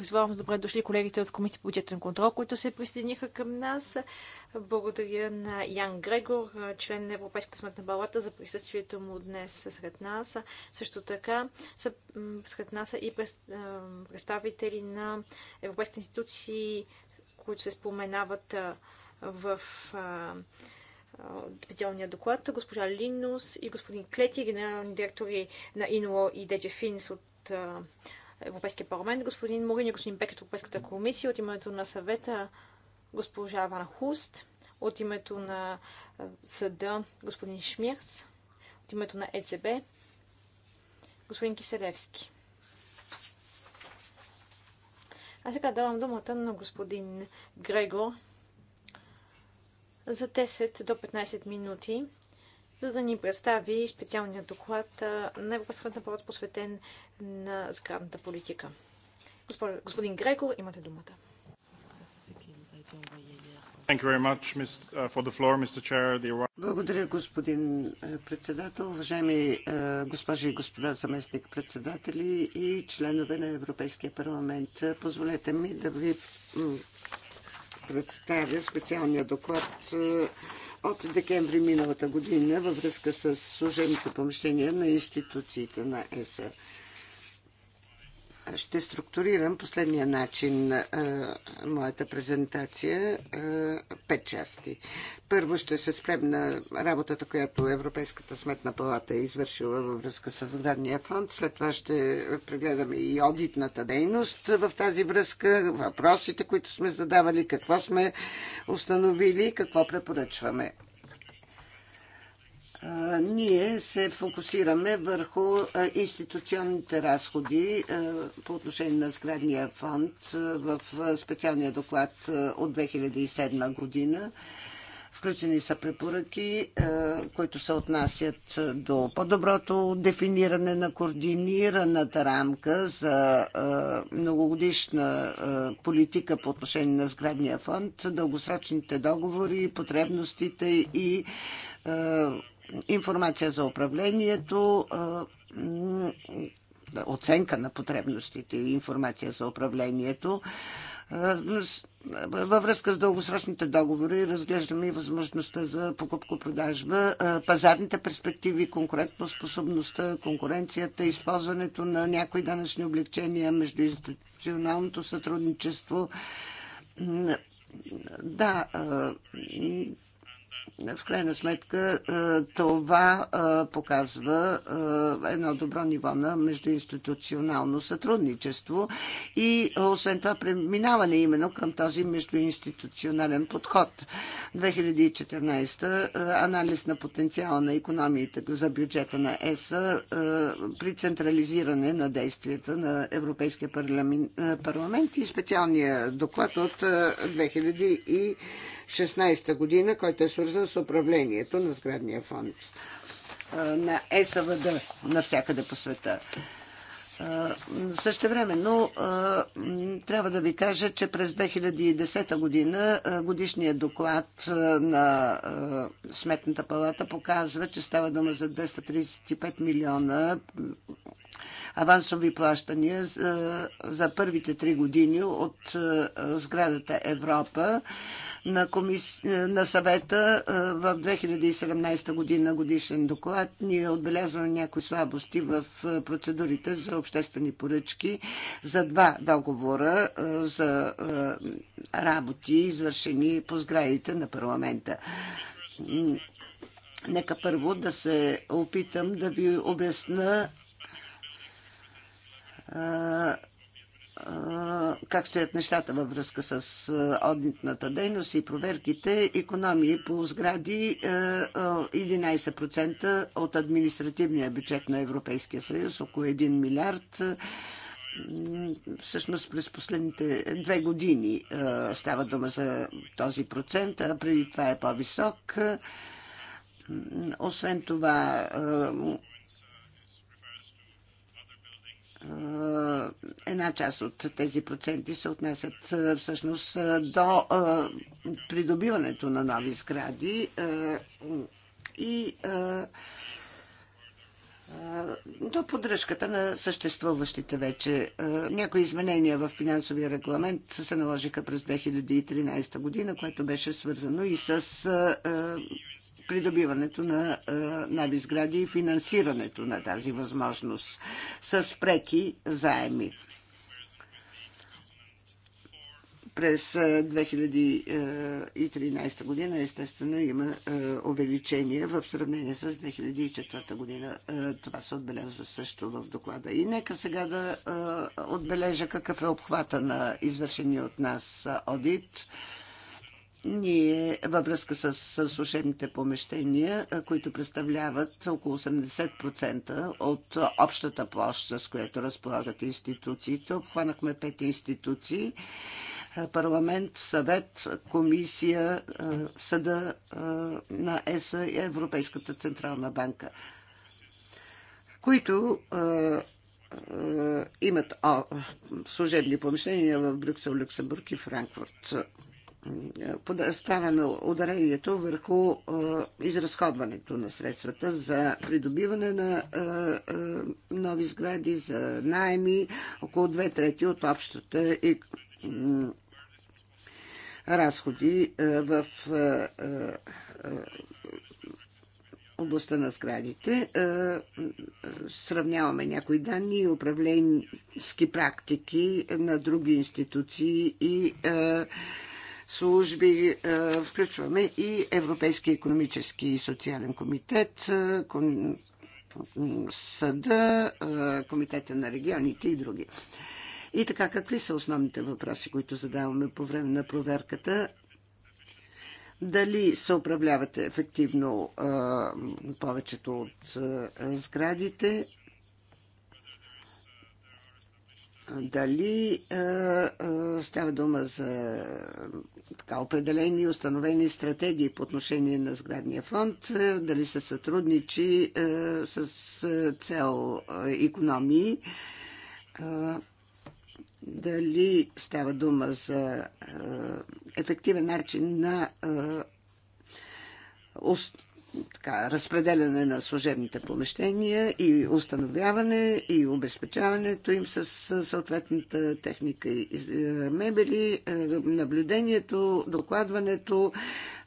с добре дошли колегите от Комисия по бюджетен контрол, които се присъединиха към нас. Благодаря на Ян Грегор, член на Европейската сметна палата, за присъствието му днес сред нас. Също така са, сред нас и представители на европейските институции, които се споменават в специалния доклад, госпожа Линус и господин Клети, генерални директори на ИНО и ДДФИНС от Европейския парламент, господин Морин и господин Бекет от Европейската комисия, от името на съвета госпожа Ван Хуст, от името на съда господин Шмирц, от името на ЕЦБ господин Киселевски. А сега давам думата на господин Грегор за 10 до 15 минути за да ни представи специалния доклад на Европейската палата, посветен на сградната политика. Господин Греко, имате думата. Uh, Благодаря, господин е, председател, уважаеми е, госпожи и господа заместник председатели и членове на Европейския парламент. Позволете ми да ви представя специалния доклад е, от декември миналата година във връзка с служебните помещения на институциите на ЕС ще структурирам последния начин а, моята презентация. Пет части. Първо ще се спрем на работата, която Европейската сметна палата е извършила във връзка с сградния фонд. След това ще прегледаме и одитната дейност в тази връзка, въпросите, които сме задавали, какво сме установили какво препоръчваме ние се фокусираме върху институционните разходи по отношение на сградния фонд в специалния доклад от 2007 година. Включени са препоръки, които се отнасят до по-доброто дефиниране на координираната рамка за многогодишна политика по отношение на сградния фонд, дългосрочните договори, потребностите и информация за управлението, оценка на потребностите и информация за управлението. Във връзка с дългосрочните договори разглеждаме и възможността за покупко-продажба, пазарните перспективи, конкурентоспособността, конкуренцията, използването на някои данъчни облегчения, между институционалното сътрудничество. Да, в крайна сметка е, това е, показва е, едно добро ниво на междуинституционално сътрудничество и освен това преминаване именно към този междуинституционален подход. 2014 анализ на потенциала на економиите за бюджета на ЕСА при централизиране на действията на Европейския парламент и специалния доклад от 2000 и 2016 година, който е свързан с управлението на сградния фонд на ЕСВД навсякъде по света. Също време, но трябва да ви кажа, че през 2010 година годишният доклад на Сметната палата показва, че става дума за 235 милиона авансови плащания за, за първите три години от е, сградата Европа на, комис... Е, на съвета е, в 2017 година годишен доклад. Ние отбелязваме някои слабости в процедурите за обществени поръчки за два договора за работи, извършени по сградите на парламента. Нека първо да се опитам да ви обясна как стоят нещата във връзка с одитната дейност и проверките. Економии по сгради 11% от административния бюджет на Европейския съюз, около 1 милиард. Всъщност през последните две години става дума за този процент, а преди това е по-висок. Освен това, е, една част от тези проценти се отнасят е, всъщност е, до придобиването на нови сгради и до поддръжката на съществуващите вече. Някои изменения в финансовия регламент се наложиха през 2013 година, което беше свързано и с придобиването на е, нови сгради и финансирането на тази възможност с преки заеми. През 2013 е, година естествено има е, увеличение в сравнение с 2004 година. Това се отбелязва също в доклада. И нека сега да отбележа какъв е обхвата на извършения от нас одит ние във връзка с, с служебните помещения, които представляват около 80% от общата площ, с която разполагат институциите, обхванахме пет институции парламент, съвет, комисия, съда на ЕСА и Европейската централна банка, които имат служебни помещения в Брюксел, Люксембург и Франкфурт ставяме ударението върху изразходването на средствата за придобиване на нови сгради, за найми, около две трети от общата и разходи в областта на сградите. Сравняваме някои данни и управленски практики на други институции и служби. Е, включваме и Европейски економически и социален комитет, е, съда, е, комитета на регионите и други. И така, какви са основните въпроси, които задаваме по време на проверката? Дали се управлявате ефективно повечето от сградите? дали а, а, става дума за така, определени установени стратегии по отношение на сградния фонд, дали се сътрудничи а, с цел економии, дали става дума за ефективен начин на така, разпределяне на служебните помещения и установяване и обезпечаването им с съответната техника и е, мебели, е, наблюдението, докладването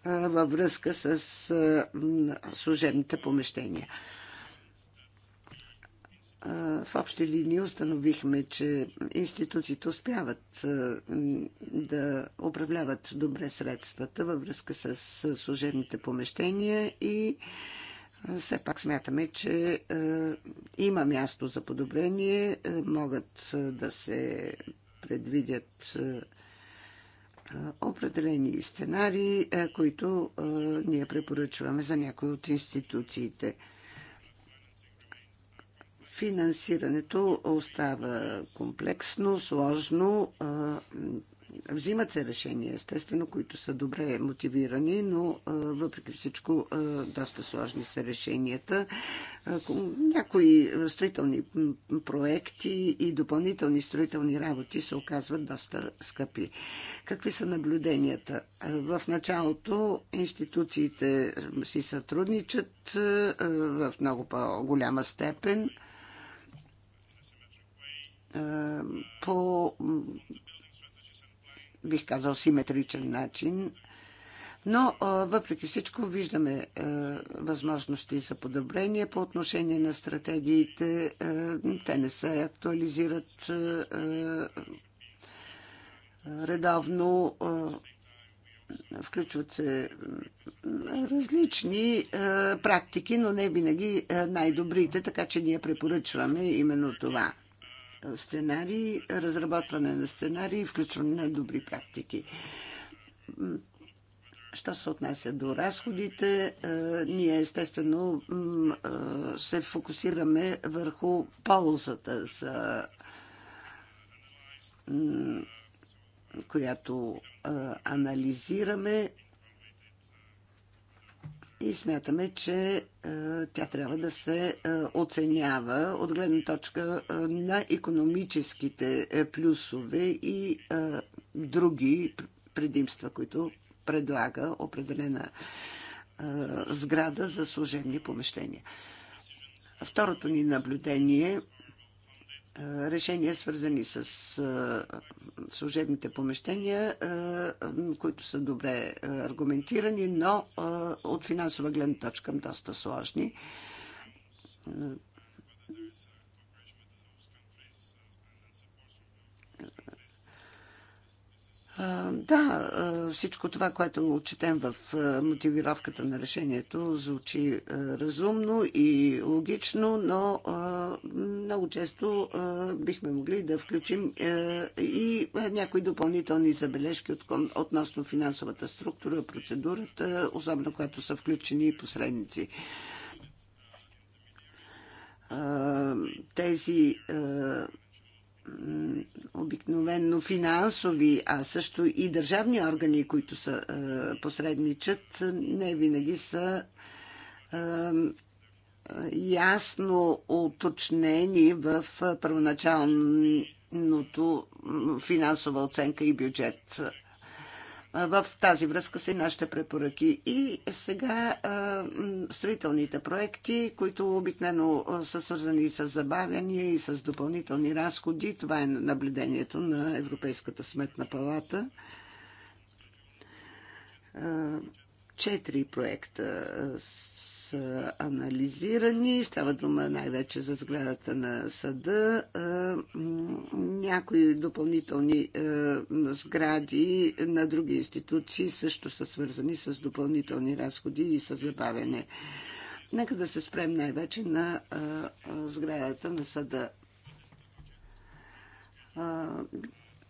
е, във връзка с служебните помещения в общи линии установихме, че институциите успяват да управляват добре средствата във връзка с служебните помещения и все пак смятаме, че има място за подобрение, могат да се предвидят определени сценарии, които ние препоръчваме за някои от институциите. Финансирането остава комплексно, сложно. Взимат се решения, естествено, които са добре мотивирани, но въпреки всичко доста сложни са решенията. Някои строителни проекти и допълнителни строителни работи се оказват доста скъпи. Какви са наблюденията? В началото институциите си сътрудничат в много по-голяма степен – по, бих казал, симетричен начин. Но въпреки всичко виждаме възможности за подобрение по отношение на стратегиите. Те не се актуализират редовно. Включват се различни практики, но не винаги най-добрите, така че ние препоръчваме именно това сценарии, разработване на сценарии и включване на добри практики. Що се отнася до разходите, е, ние естествено е, се фокусираме върху ползата, за, която е, анализираме и смятаме, че е, тя трябва да се е, оценява от гледна точка е, на економическите плюсове и други предимства, които предлага определена сграда за служебни помещения. Второто ни наблюдение – решения, свързани с служебните помещения, които са добре аргументирани, но от финансова гледна точка доста сложни. Да, всичко това, което отчетем в мотивировката на решението, звучи разумно и логично, но много често бихме могли да включим и някои допълнителни забележки относно финансовата структура, процедурата, особено когато са включени и посредници тези обикновенно финансови, а също и държавни органи, които са, е, посредничат, не винаги са е, ясно уточнени в е, първоначалното финансова оценка и бюджет в тази връзка са и нашите препоръки. И сега строителните проекти, които обикновено са свързани с забавяния и с допълнителни разходи. Това е наблюдението на Европейската сметна палата Четири проекта са анализирани. Става дума най-вече за сградата на съда. Някои допълнителни сгради на други институции също са свързани с допълнителни разходи и с забавяне. Нека да се спрем най-вече на сградата на съда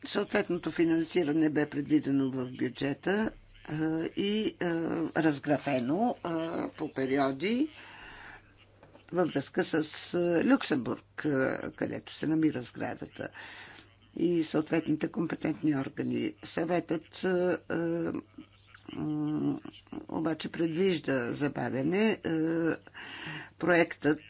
съответното финансиране бе предвидено в бюджета и разграфено по периоди във връзка с Люксембург, където се намира сградата и съответните компетентни органи. Съветът обаче предвижда забавяне. Проектът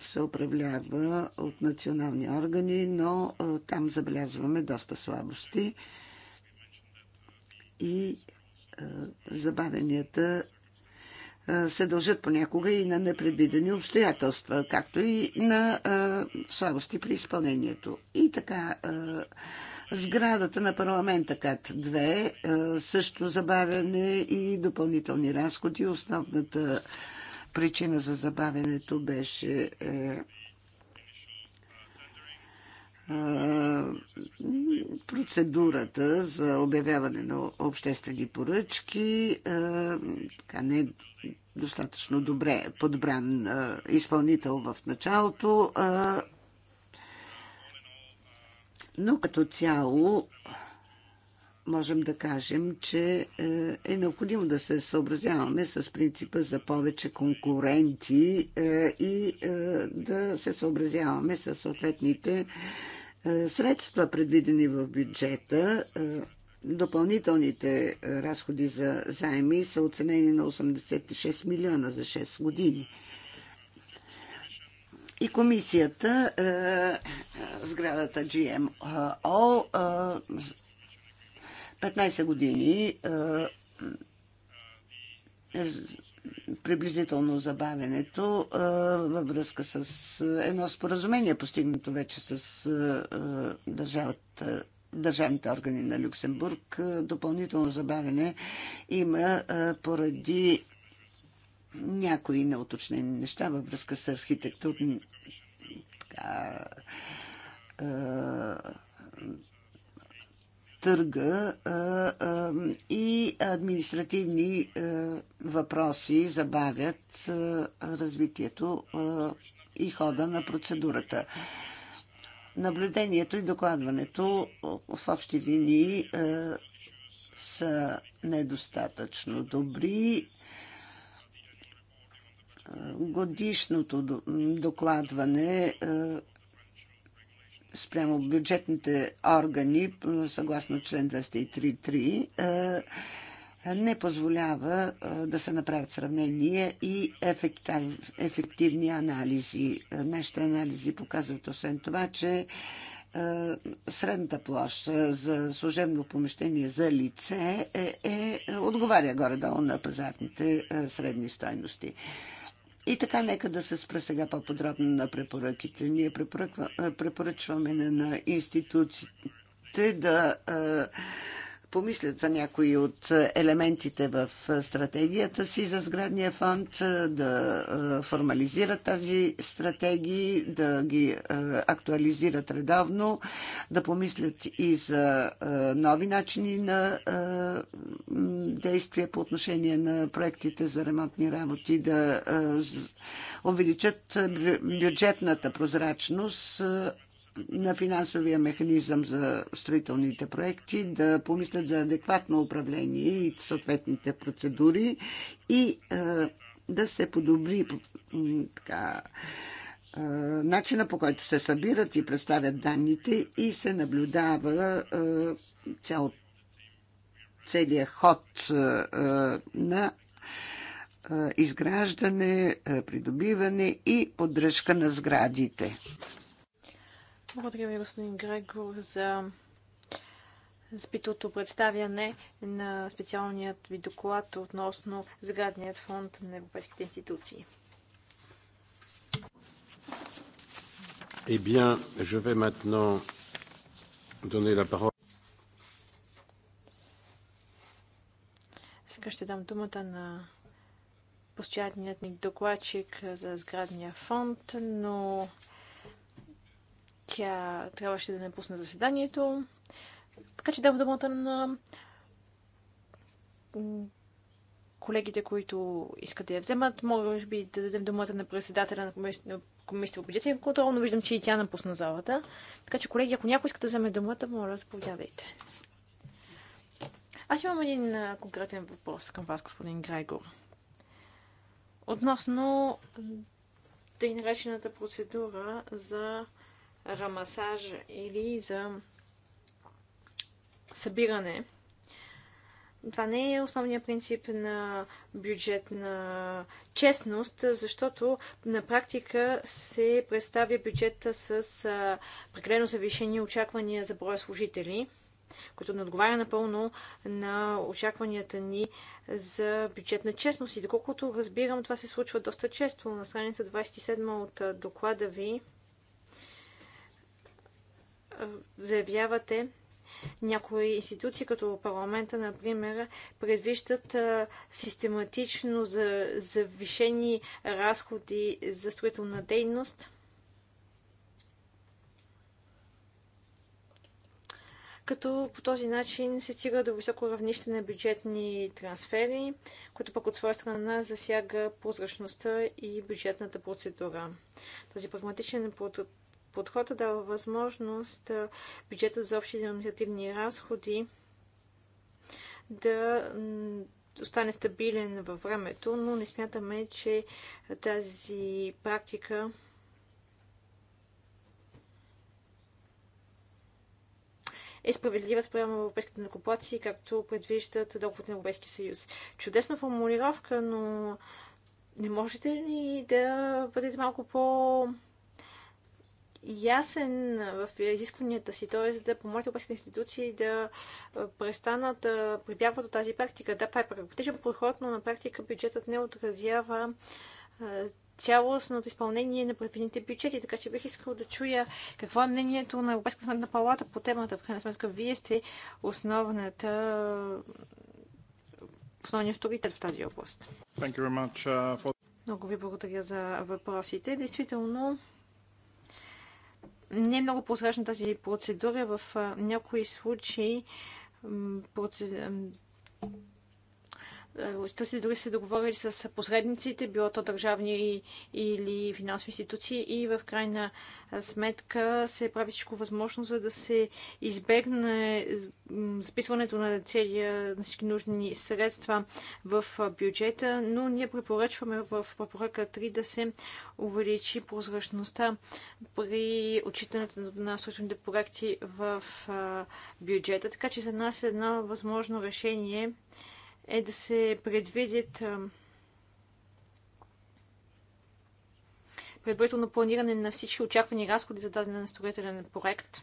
се управлява от национални органи, но там забелязваме доста слабости и е, забавенията е, се дължат понякога и на непредвидени обстоятелства, както и на е, слабости при изпълнението. И така, сградата на парламента КАТ-2, също забавяне и допълнителни разходи. Основната причина за забавянето беше процедурата за обявяване на обществени поръчки така не е достатъчно добре подбран изпълнител в началото. Но като цяло можем да кажем, че е, е необходимо да се съобразяваме с принципа за повече конкуренти е, и е, да се съобразяваме с съответните е, средства, предвидени в бюджета, е, допълнителните е, разходи за заеми са оценени на 86 милиона за 6 години. И комисията, сградата GMO, 15 години приблизително забавянето във връзка с едно споразумение, постигнато вече с държавата държавните органи на Люксембург. Допълнително забавене има поради някои неоточнени неща във връзка с архитектурни така, търга и административни въпроси забавят развитието и хода на процедурата. Наблюдението и докладването в общи вини са недостатъчно добри. Годишното докладване спрямо бюджетните органи, съгласно член 233, е, не позволява е, да се направят сравнения и ефективни анализи. Е, нашите анализи показват освен това, че средната площ за служебно помещение за лице е, е отговаря горе-долу на пазарните средни стойности. И така, нека да се спра сега по-подробно на препоръките. Ние препоръчваме на институциите да помислят за някои от елементите в стратегията си за сградния фонд, е, да е, формализират тази стратегии, да ги е, актуализират редовно, да помислят и за нови начини на действия по отношение на проектите за ремонтни работи, да увеличат бюджетната прозрачност на финансовия механизъм за строителните проекти, да помислят за адекватно управление и съответните процедури и да се подобри така, начина по който се събират и представят данните и се наблюдава цял, целият ход на изграждане, придобиване и поддръжка на сградите. Благодаря ви, господин Грегор, за спитото представяне на специалният ви доклад относно сградният фонд на европейските институции. Eh bien, je vais maintenant donner la parole. Сега ще дам думата на постоянният ни докладчик за сградния фонд, но тя трябваше да напусне заседанието. Така че дам думата на колегите, които искат да я вземат. Може би да дадем думата на председателя на комисията комисията по бюджетен контрол, но виждам, че и тя напусна залата. Така че, колеги, ако някой иска да вземе думата, моля, заповядайте. Аз имам един конкретен въпрос към вас, господин Грайгор. Относно тъй наречената процедура за рамасаж или за събиране. Това не е основният принцип на бюджетна честност, защото на практика се представя бюджета с прекалено завишени очаквания за броя служители, което не отговаря напълно на очакванията ни за бюджетна честност. И доколкото разбирам, това се случва доста често. На страница 27 от доклада ви заявявате, някои институции, като парламента, например, предвиждат систематично за завишени разходи за строителна дейност. като по този начин се стига до високо равнище на бюджетни трансфери, което пък от своя страна засяга прозрачността и бюджетната процедура. Този прагматичен подход подхода дава възможност бюджета за общи административни разходи да остане стабилен във времето, но не смятаме, че тази практика е справедлива спрямо европейските накоплации, както предвиждат договорите на Европейския съюз. Чудесна формулировка, но не можете ли да бъдете малко по- ясен в изискванията си, т.е. да помоли европейските институции да престанат да прибягват до тази практика. Да, това е практичен подход, но на практика бюджетът не отразява цялостното изпълнение на предвидените бюджети, така че бих искал да чуя какво е мнението на Европейска сметна палата по темата. В крайна сметка, вие сте основната основния авторитет в тази област. Uh, for... Много ви благодаря за въпросите. Действително, не е много прозрачна тази процедура. В някои случаи процедура институции е, дори са договорили с посредниците, било то държавни или финансови институции и в крайна сметка се прави всичко възможно, за да се избегне записването на целия, на всички нужни средства в бюджета, но ние препоръчваме в препоръка 3 да се увеличи прозрачността при отчитането на структурните проекти в бюджета. Така че за нас е едно възможно решение е да се предвидят предварително планиране на всички очаквани разходи за даден строителен проект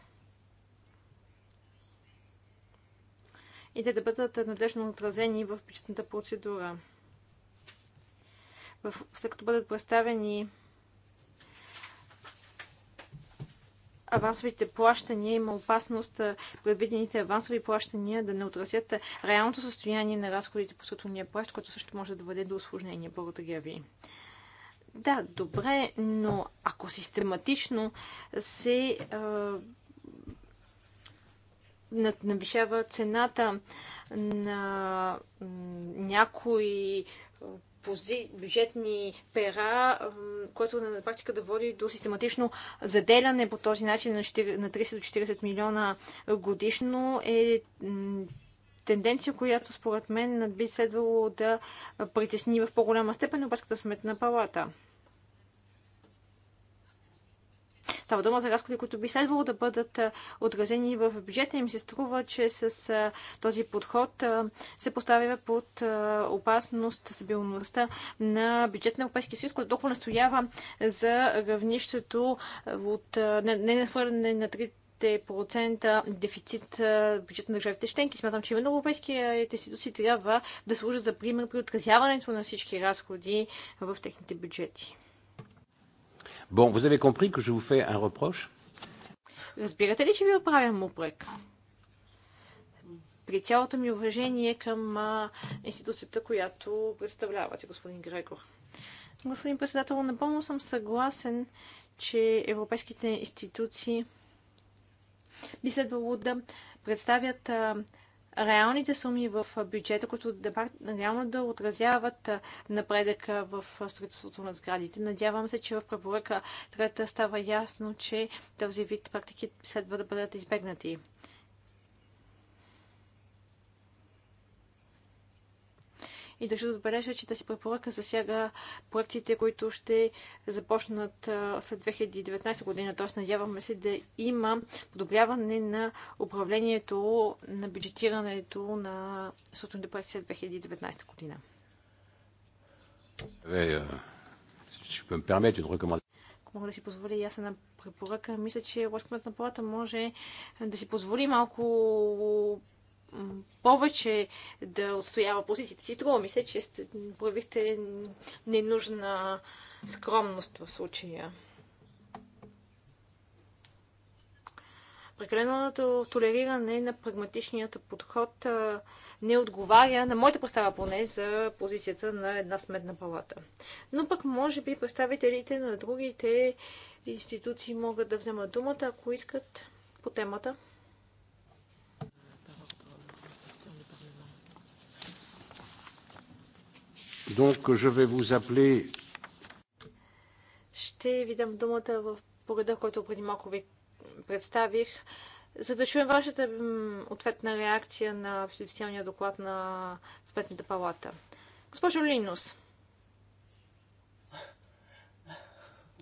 и те да бъдат надлежно отразени в бюджетната процедура. В, след като бъдат представени авансовите плащания има опасност предвидените авансови плащания да не отразят реалното състояние на разходите по сътрудния плащ, което също може да доведе до осложнение. Благодаря ви. Да, добре, но ако систематично се а, надвишава цената на някои пози... бюджетни пера, което на практика да води до систематично заделяне по този начин на 30 до 40 милиона годишно е тенденция, която според мен би следвало да притесни в по-голяма степен Обаската сметна палата. Става дума за разходи, които би следвало да бъдат отразени в бюджета. и ми се струва, че с този подход се поставя под опасност стабилността на бюджет на Европейския съюз, който толкова настоява за равнището от не нахвърляне на 3 процента дефицит бюджет на държавите членки. Смятам, че именно европейските институции трябва да служат за пример при отразяването на всички разходи в техните бюджети. Bon, vous avez compris que je vous fais un reproche? Разбирате ли, че ви отправям упрек? При цялото ми уважение към а, институцията, която представлявате, господин Грегор. Господин председател, напълно съм съгласен, че европейските институции би следвало да представят а, реалните суми в бюджета, които да, реално да отразяват напредъка в строителството на сградите. Надявам се, че в препоръка трета става ясно, че този вид практики следва да бъдат избегнати. И държа да отбележа, че тази препоръка засяга проектите, които ще започнат след 2019 година. Т.е. надяваме се да има подобряване на управлението на бюджетирането на съответните проекти след 2019 година. Е, е, Ако мога да си позволя и аз една препоръка, мисля, че Лошкомната палата може да си позволи малко повече да отстоява позициите си. Струва ми се, че сте, проявихте ненужна скромност в случая. Прекаленото толериране на прагматичният подход не отговаря на моята представа поне за позицията на една сметна палата. Но пък може би представителите на другите институции могат да вземат думата, ако искат по темата. Donc, je vais vous appeler... Ще ви дам думата в пореда, който преди малко ви представих, за да чуем вашата ответна реакция на официалния доклад на Сметната палата. Госпожо Линус,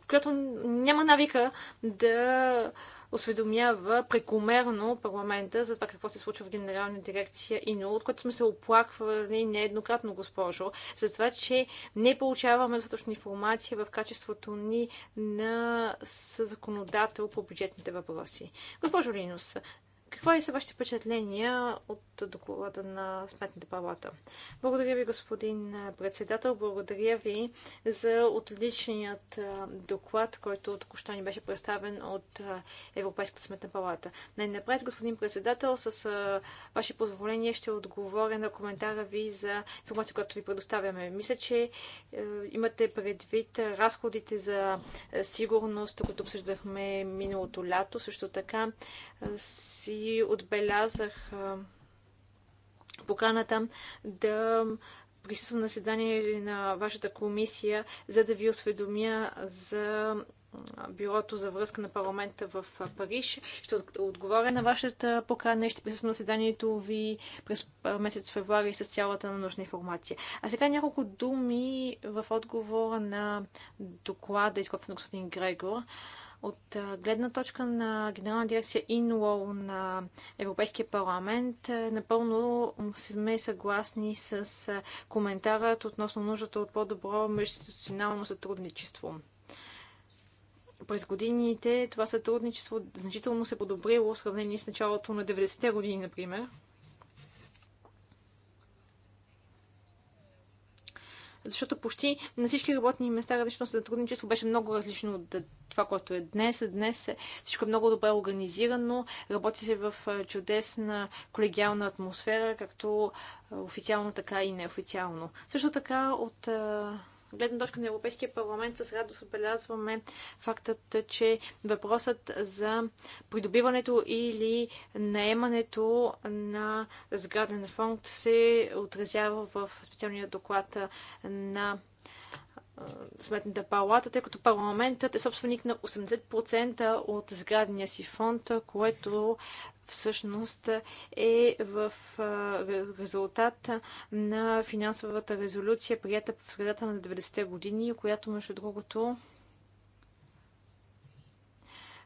която няма навика да осведомява прекомерно парламента за това какво се случва в Генерална дирекция ИНО, от което сме се оплаквали нееднократно, госпожо, за това, че не получаваме достатъчно информация в качеството ни на законодател по бюджетните въпроси. Госпожо Линус, какво е са вашите впечатления от доклада на Сметната палата? Благодаря ви, господин председател. Благодаря ви за отличният доклад, който току-що ни беше представен от Европейската Сметна палата. Най-напред, господин председател, с ваше позволение ще отговоря на коментара ви за информация, която ви предоставяме. Мисля, че имате предвид разходите за сигурност, които обсъждахме миналото лято. Също така си си отбелязах поканата да присъствам на седание на вашата комисия, за да ви осведомя за Бюрото за връзка на парламента в Париж. Ще отговоря на вашата покана и ще присъствам на седанието ви през месец февруари с цялата нужна информация. А сега няколко думи в отговора на доклада, изготвен от господин Грегор. От гледна точка на Генерална дирекция ИНЛО на Европейския парламент, е, напълно сме съгласни с коментарът относно нуждата от по-добро междуинституционално сътрудничество през годините това сътрудничество значително се подобрило в сравнение с началото на 90-те години, например. защото почти на всички работни места различно сътрудничество беше много различно от това, което е днес. Днес всичко е много добре организирано, работи се в чудесна колегиална атмосфера, както официално, така и неофициално. Също така от гледна точка на Европейския парламент с радост отбелязваме фактът, че въпросът за придобиването или наемането на сграден фонд се отразява в специалния доклад на Сметната палата, тъй като парламентът е собственик на 80% от сградния си фонд, което всъщност е в резултат на финансовата резолюция, прията в средата на 90-те години, която, между другото,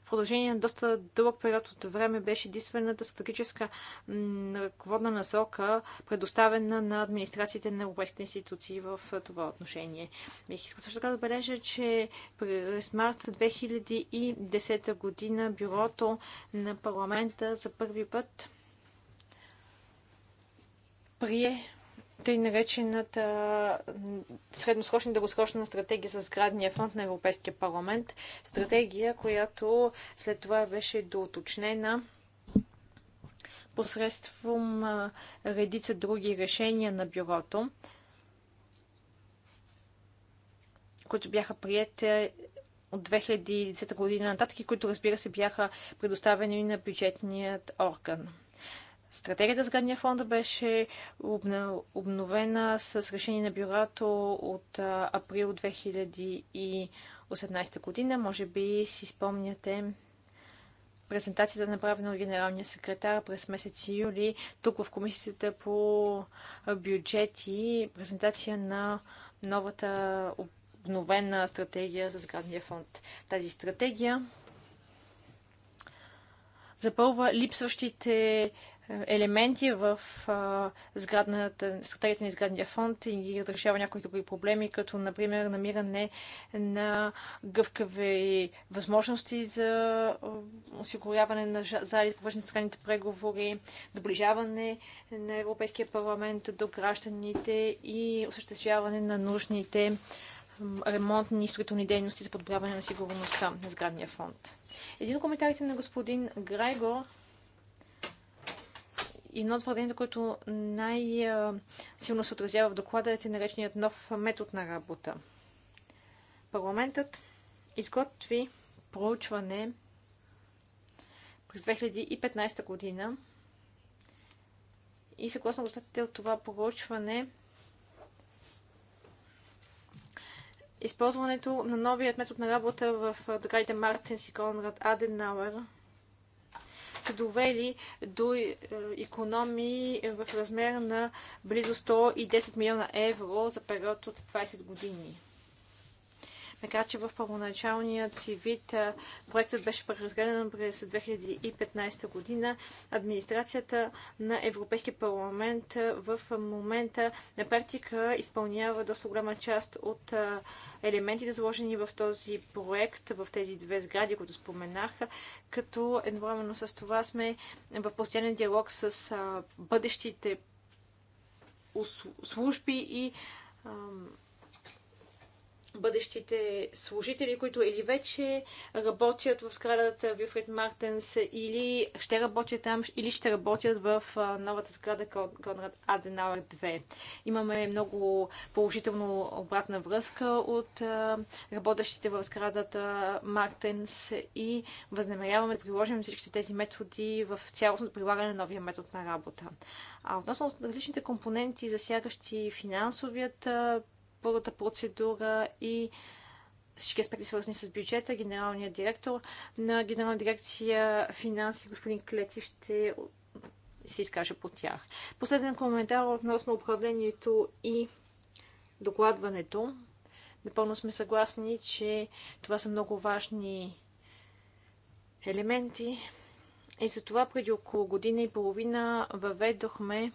в продължение на доста дълъг период от време беше единствената стратегическа ръководна насока, предоставена на администрациите на европейските институции в това отношение. Бих искал също така да отбележа, че през март 2010 година бюрото на парламента за първи път прие тъй наречената средносрочна и дългосрочна стратегия за сградния фонд на Европейския парламент. Стратегия, която след това беше доуточнена посредством редица други решения на бюрото, които бяха приети от 2010 година нататък и които, разбира се, бяха предоставени на бюджетният орган. Стратегията за градния фонд беше обновена с решение на бюрото от април 2018 година. Може би си спомняте презентацията, направена от генералния секретар през месец юли, тук в комисията по бюджети, презентация на новата обновена стратегия за сградния фонд. Тази стратегия запълва липсващите елементи в сградната, стратегията на изградния фонд и разрешава някои други проблеми, като например намиране на гъвкави възможности за осигуряване на зали за външни страните преговори, доближаване на Европейския парламент до гражданите и осъществяване на нужните ремонтни и строителни дейности за подобряване на сигурността на сградния фонд. Един от коментарите на господин Грего и едно от твърдението, което най-силно се отразява в доклада е нареченият нов метод на работа. Парламентът изготви проучване през 2015 година и съгласно гостатите от това проучване използването на новият метод на работа в доградите Мартинс и Конрад Аденауер – са довели до економии в размер на близо 110 милиона евро за период от 20 години. Така че в първоначалният си вид проектът беше преразгледан през 2015 година, администрацията на Европейския парламент в момента на практика изпълнява доста голяма част от елементите, заложени в този проект, в тези две сгради, които споменах, като едновременно с това сме в постоянен диалог с бъдещите служби и бъдещите служители, които или вече работят в сградата Вилфред Мартенс, или ще работят там, или ще работят в новата сграда Конрад Аденауер 2. Имаме много положително обратна връзка от работещите в сградата Мартенс и възнамеряваме да приложим всички тези методи в цялостното прилагане на новия метод на работа. А относно различните компоненти, засягащи финансовият първата процедура и всички аспекти, свързани с бюджета, генералният директор на генерална дирекция финанси, господин Клети, ще се изкаже по тях. Последен коментар относно управлението и докладването. Напълно сме съгласни, че това са много важни елементи. И затова преди около година и половина въведохме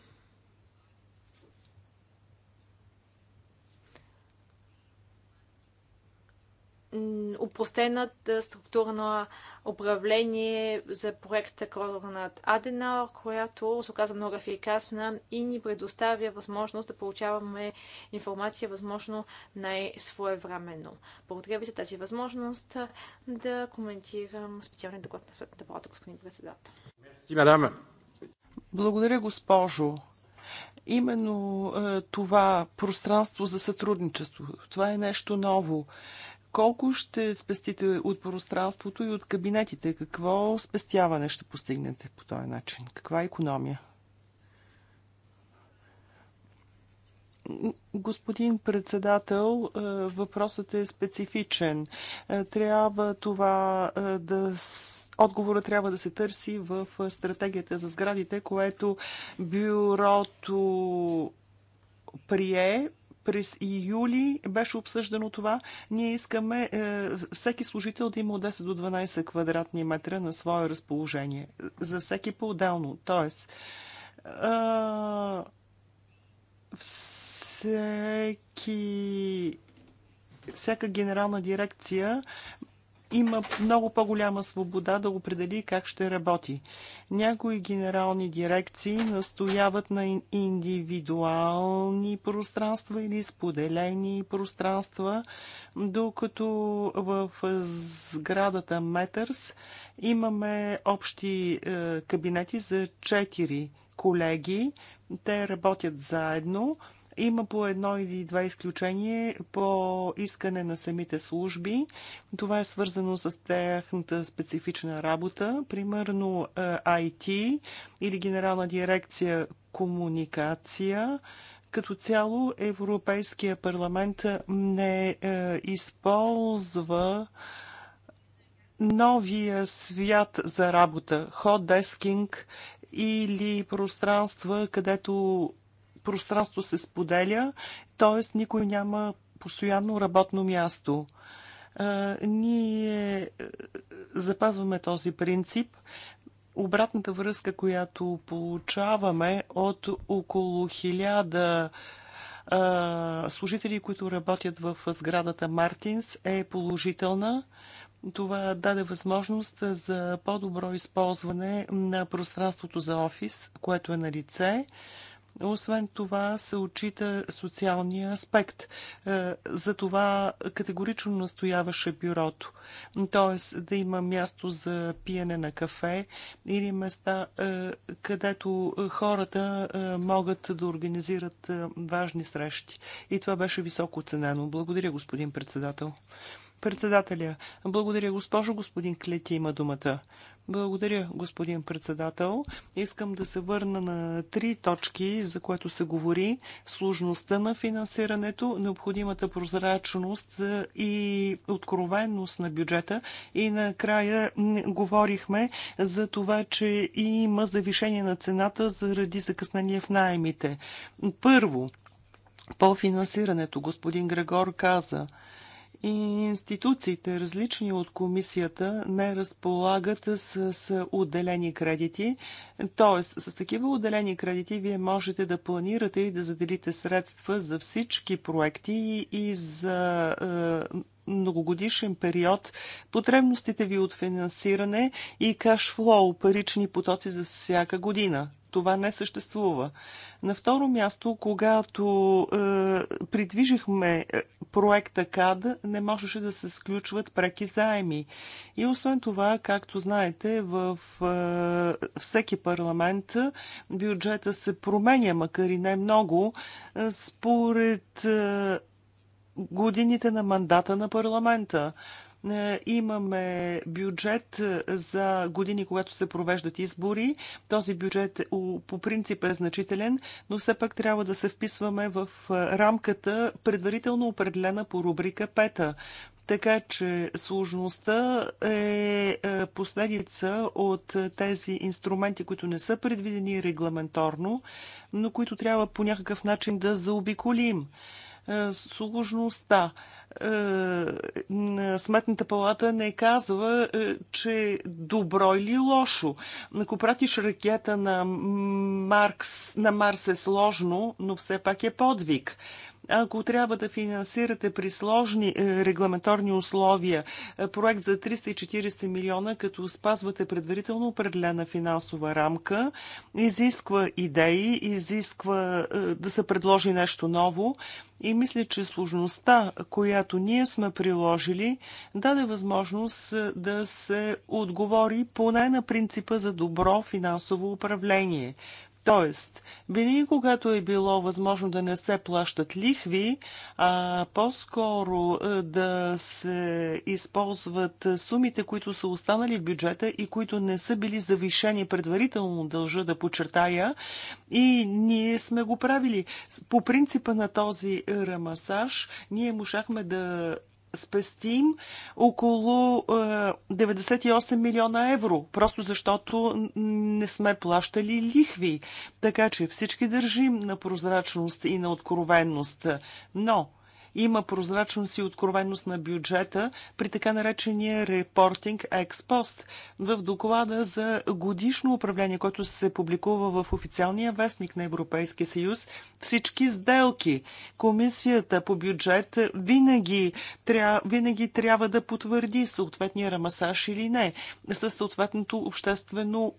упростената структура на управление за проекта Коронат Аденаур, която се оказа много ефикасна и ни предоставя възможност да получаваме информация възможно най-своевременно. Благодаря ви за тази възможност да коментирам специалния доклад на Светната палата, господин председател. Благодаря, госпожо именно е, това пространство за сътрудничество. Това е нещо ново. Колко ще спестите от пространството и от кабинетите? Какво спестяване ще постигнете по този начин? Каква е економия? Господин председател, е, въпросът е специфичен. Е, трябва това е, да Отговора трябва да се търси в стратегията за сградите, което бюрото прие през юли беше обсъждано това. Ние искаме е, всеки служител да има от 10 до 12 квадратни метра на свое разположение. За всеки по-отделно. Тоест, е, всеки всяка генерална дирекция има много по-голяма свобода да определи как ще работи. Някои генерални дирекции настояват на индивидуални пространства или споделени пространства, докато в сградата Метърс имаме общи е, кабинети за 4 колеги. Те работят заедно. Има по едно или два изключения по искане на самите служби. Това е свързано с тяхната специфична работа. Примерно IT е, или Генерална дирекция комуникация. Като цяло Европейския парламент не е, използва новия свят за работа, ходдескинг или пространства, където пространство се споделя, т.е. никой няма постоянно работно място. Ние запазваме този принцип. Обратната връзка, която получаваме от около хиляда служители, които работят в сградата Мартинс, е положителна. Това даде възможност за по-добро използване на пространството за офис, което е на лице. Освен това се отчита социалния аспект. Е, за това категорично настояваше бюрото. Тоест да има място за пиене на кафе или места, е, където хората е, могат да организират важни срещи. И това беше високо оценено. Благодаря, господин председател. Председателя, благодаря госпожо, господин Клети има думата. Благодаря, господин председател. Искам да се върна на три точки, за което се говори. Сложността на финансирането, необходимата прозрачност е, и откровенност на бюджета. И накрая говорихме за това, че има завишение на цената заради закъснение в найемите. Първо, по финансирането господин Грегор каза – и институциите, различни от комисията, не разполагат с, с отделени кредити. Тоест, с такива отделени кредити вие можете да планирате и да заделите средства за всички проекти и за е, многогодишен период, потребностите ви от финансиране и кашфлоу, парични потоци за всяка година това не съществува. На второ място, когато е, придвижихме е, проекта КАД, не можеше да се сключват преки заеми. И освен това, както знаете, в е, всеки парламент бюджета се променя, макар и не много, е, според е, годините на мандата на парламента. Е, имаме бюджет е, за години, когато се провеждат избори. Този бюджет е по принцип е значителен, но все пак трябва да се вписваме в рамката, предварително определена по рубрика Пета. Така че сложността е последица от тези инструменти, които не са предвидени регламенторно, но които трябва по някакъв начин да заобиколим. Сложността. Е, Сметната палата не казва, е, че добро или лошо. Ако пратиш ракета на, Маркс, на Марс е сложно, но все пак е подвиг. Ако трябва да финансирате при сложни е, регламенторни условия е, проект за 340 милиона, като спазвате предварително определена финансова рамка, изисква идеи, изисква е, да се предложи нещо ново и мисля, че сложността, която ние сме приложили, даде възможност да се отговори поне на принципа за добро финансово управление – Тоест, винаги когато е било възможно да не се плащат лихви, а по-скоро е, да се използват сумите, които са останали в бюджета и които не са били завишени предварително, дължа да почертая. и ние сме го правили. По принципа на този рамасаж, ние можахме да спестим около 98 е, милиона евро, просто защото не сме плащали лихви. Така че всички държим на прозрачност и на откровенност. Но има прозрачност и откровенност на бюджета при така наречения репортинг експост. В доклада за годишно управление, който се публикува в официалния вестник на Европейския съюз, всички сделки. Комисията по бюджет винаги, тря, винаги трябва да потвърди съответния рамасаж или не, със съответното обществено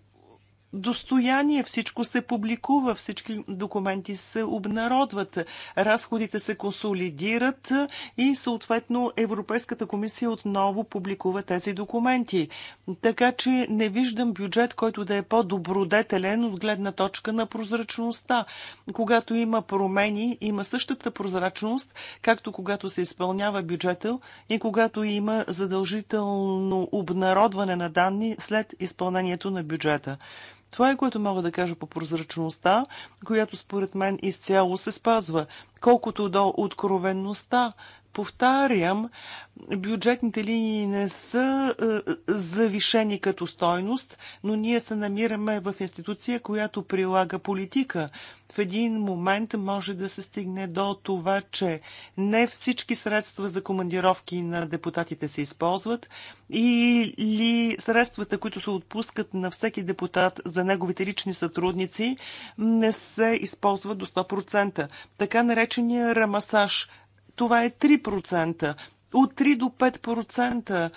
достояние, всичко се публикува, всички документи се обнародват, разходите се консолидират и съответно Европейската комисия отново публикува тези документи. Така че не виждам бюджет, който да е по-добродетелен от гледна точка на прозрачността. Когато има промени, има същата прозрачност, както когато се изпълнява бюджета и когато има задължително обнародване на данни след изпълнението на бюджета. Това е което мога да кажа по прозрачността, която според мен изцяло се спазва, колкото до откровенността, Повтарям, бюджетните линии не са е, завишени като стойност, но ние се намираме в институция, която прилага политика. В един момент може да се стигне до това, че не всички средства за командировки на депутатите се използват или средствата, които се отпускат на всеки депутат за неговите лични сътрудници, не се използват до 100%. Така наречения рамасаж – това е 3%. От 3 до 5%,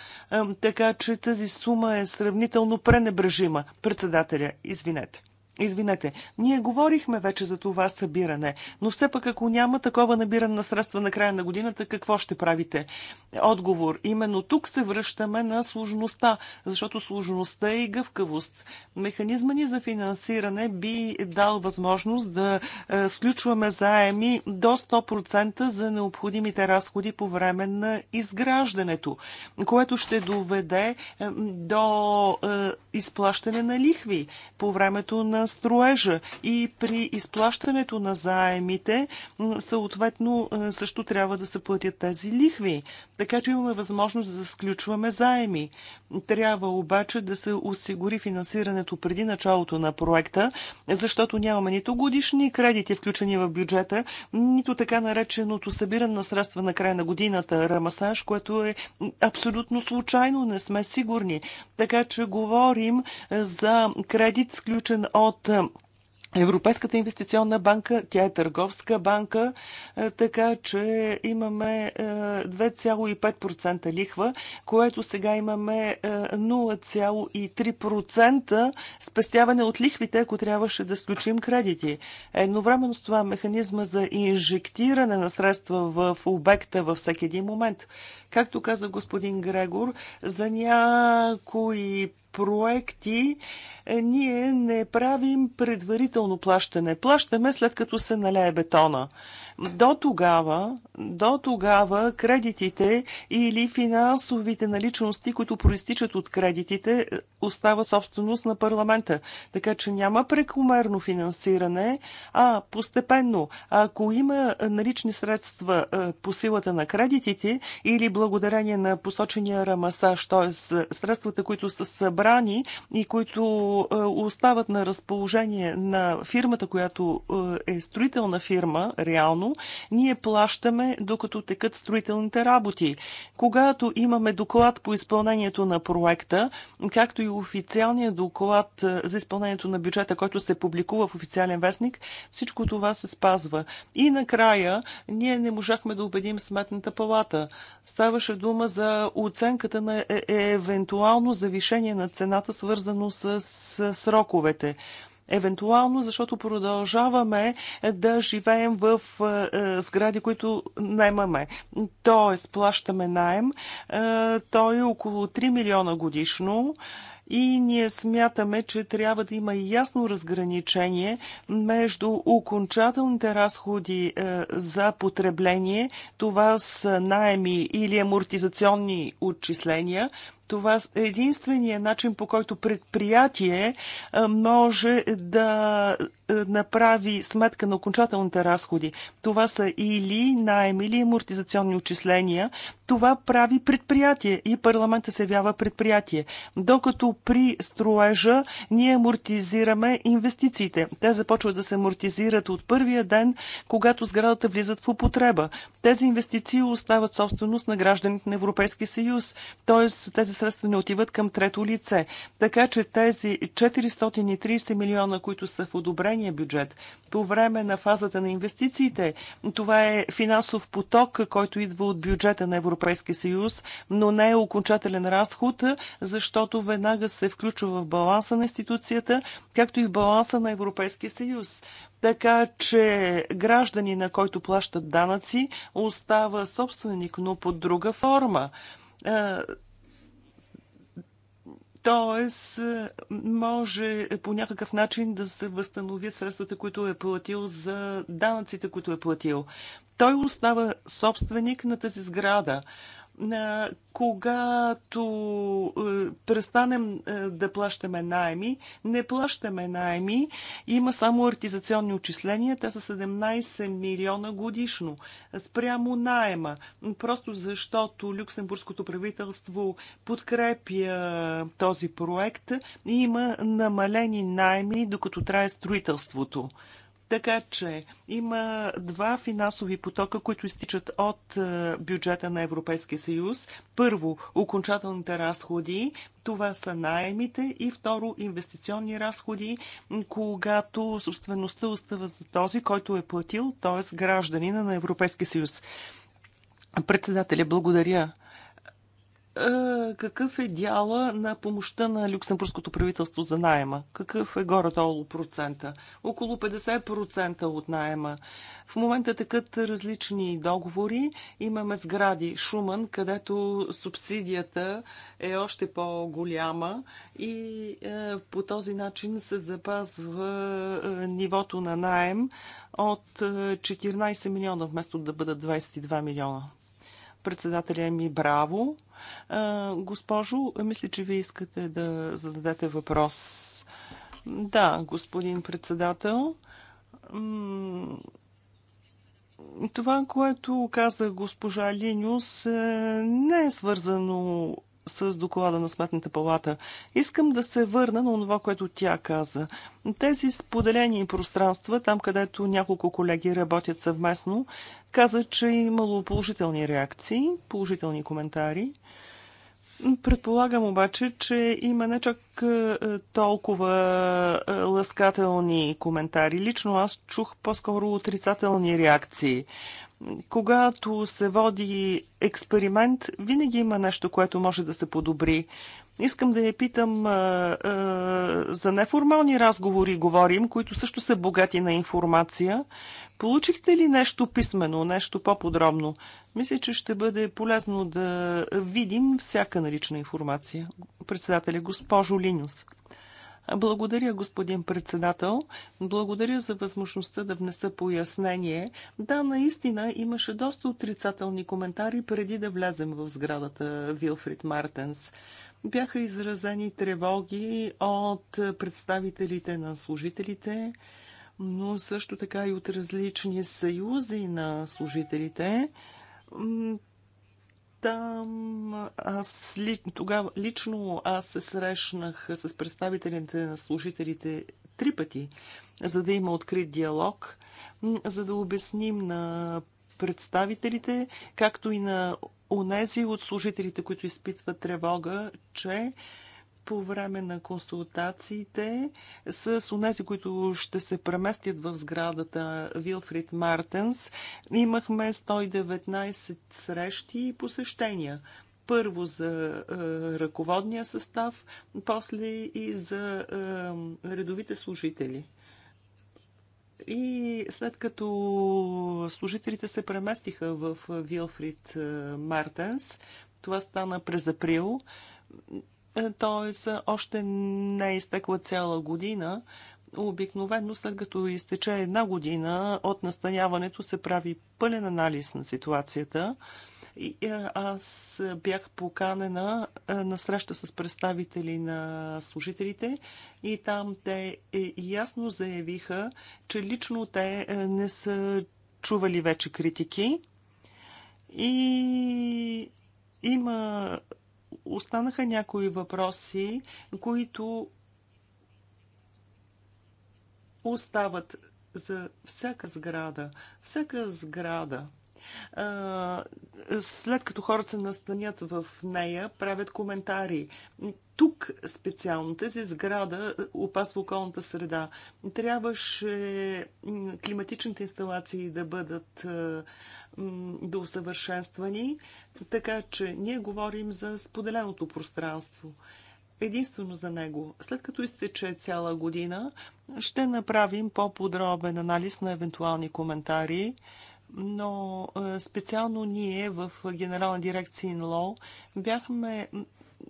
така че тази сума е сравнително пренебрежима. Председателя, извинете. Извинете, ние говорихме вече за това събиране, но все пък ако няма такова набиране на средства на края на годината, какво ще правите? Отговор. Именно тук се връщаме на сложността, защото сложността е и гъвкавост. Механизма ни за финансиране би дал възможност да е, сключваме заеми до 100% за необходимите разходи по време на изграждането, което ще доведе до е, изплащане на лихви по времето на строежа и при изплащането на заемите съответно е, също трябва да се платят тези лихви. Така че имаме възможност да сключваме заеми. Трябва обаче да се осигури финансирането преди началото на проекта, защото нямаме нито годишни кредити включени в бюджета, нито така нареченото събиране на средства на края на годината рамасаж, което е абсолютно случайно, не сме сигурни. Така че говорим за кредит, сключен от Европейската инвестиционна банка, тя е търговска банка, е, така че имаме 2,5% е, лихва, което сега имаме 0,3% е, спестяване от лихвите, ако трябваше да сключим кредити. Едновременно с това механизма за инжектиране на средства в обекта във всеки един момент. Както каза господин Грегор, за някои проекти е, ние не правим предварително плащане. Плащаме след като се наляе бетона. До тогава, до тогава кредитите или финансовите наличности, които проистичат от кредитите, е, остава собственост на парламента. Така че няма прекомерно финансиране, а постепенно, ако има налични средства е, по силата на кредитите или благодарение на посочения рамасаж, т.е. средствата, които са събрани и които е, остават на разположение на фирмата, която е строителна фирма, реално, задължително, ние плащаме докато текат строителните работи. Когато имаме доклад по изпълнението на проекта, както и официалния доклад за изпълнението на бюджета, който се публикува в официален вестник, всичко това се спазва. И накрая ние не можахме да убедим сметната палата. Ставаше дума за оценката на е, е евентуално завишение на цената, свързано с сроковете евентуално, защото продължаваме да живеем в е, е, сгради, които наймаме. Тоест, плащаме найем. Е, той е около 3 милиона годишно и ние смятаме, че трябва да има ясно разграничение между окончателните разходи за потребление, това са найеми или амортизационни отчисления, това е единствения начин, по който предприятие може да направи сметка на окончателните разходи. Това са или найем, или амортизационни отчисления. Това прави предприятие и парламента се явява предприятие. Докато при строежа ние амортизираме инвестициите. Те започват да се амортизират от първия ден, когато сградата влизат в употреба. Тези инвестиции остават собственост на гражданите на Европейския съюз. Тоест, тези средства не отиват към трето лице. Така че тези 430 милиона, които са в одобрения бюджет, по време на фазата на инвестициите, това е финансов поток, който идва от бюджета на Европейския съюз, но не е окончателен разход, защото веднага се включва в баланса на институцията, както и в баланса на Европейския съюз. Така че граждани, на който плащат данъци, остава собственик, но под друга форма. Е, Тоест, е, може по някакъв начин да се възстановят средствата, които е платил за данъците, които е платил. Той остава собственик на тази сграда когато е, престанем е, да плащаме найми, не плащаме найми, има само артизационни отчисления, те са 17 милиона годишно спрямо найема. Просто защото люксембургското правителство подкрепя този проект и има намалени найми, докато трае строителството. Така че има два финансови потока, които изтичат от е, бюджета на Европейския съюз. Първо, окончателните разходи, това са найемите и второ, инвестиционни разходи, когато собствеността остава за този, който е платил, т.е. гражданина на Европейския съюз. Председателя, благодаря какъв е дяла на помощта на люксембургското правителство за найема? Какъв е горе-долу процента? Около 50% от найема. В момента такът различни договори. Имаме сгради Шуман, където субсидията е още по-голяма и е, по този начин се запазва е, нивото на найем от 14 е, милиона вместо да бъдат 22 милиона. Председателя ми браво. Госпожо, мисля, че вие искате да зададете въпрос. Да, господин председател. Това, което каза госпожа Линюс, е, не е свързано с доклада на Сметната палата. Искам да се върна на това, което тя каза. Тези споделени пространства, там където няколко колеги работят съвместно, каза, че е имало положителни реакции, положителни коментари. Предполагам обаче, че има не чак е, толкова е, ласкателни коментари. Лично аз чух по-скоро отрицателни реакции когато се води експеримент, винаги има нещо, което може да се подобри. Искам да я питам а, а, за неформални разговори, говорим, които също са богати на информация. Получихте ли нещо писмено, нещо по-подробно? Мисля, че ще бъде полезно да видим всяка налична информация. Председателя, госпожо Линюс. Благодаря, господин председател. Благодаря за възможността да внеса пояснение. Да, наистина имаше доста отрицателни коментари преди да влезем в сградата Вилфрид Мартенс. Бяха изразени тревоги от представителите на служителите, но също така и от различни съюзи на служителите там аз тогава лично аз се срещнах с представителите на служителите три пъти, за да има открит диалог, за да обясним на представителите, както и на онези от служителите, които изпитват тревога, че по време на консултациите с унези, които ще се преместят в сградата Вилфрид Мартенс, имахме 119 срещи и посещения. Първо за е, ръководния състав, после и за е, редовите служители. И след като служителите се преместиха в Вилфрид е, Мартенс, това стана през април, т.е. още не е изтекла цяла година. Обикновено след като изтече една година от настаняването се прави пълен анализ на ситуацията. И е, аз бях поканена е, на среща с представители на служителите и там те е, ясно заявиха, че лично те не са чували вече критики и има Останаха някои въпроси, които остават за всяка сграда. Всяка сграда след като хората се настанят в нея, правят коментари. Тук специално тази сграда опасва околната среда. Трябваше климатичните инсталации да бъдат до усъвършенствани, така че ние говорим за споделеното пространство. Единствено за него. След като изтече цяла година, ще направим по-подробен анализ на евентуални коментари, но е, специално ние в Генерална дирекция НЛО бяхме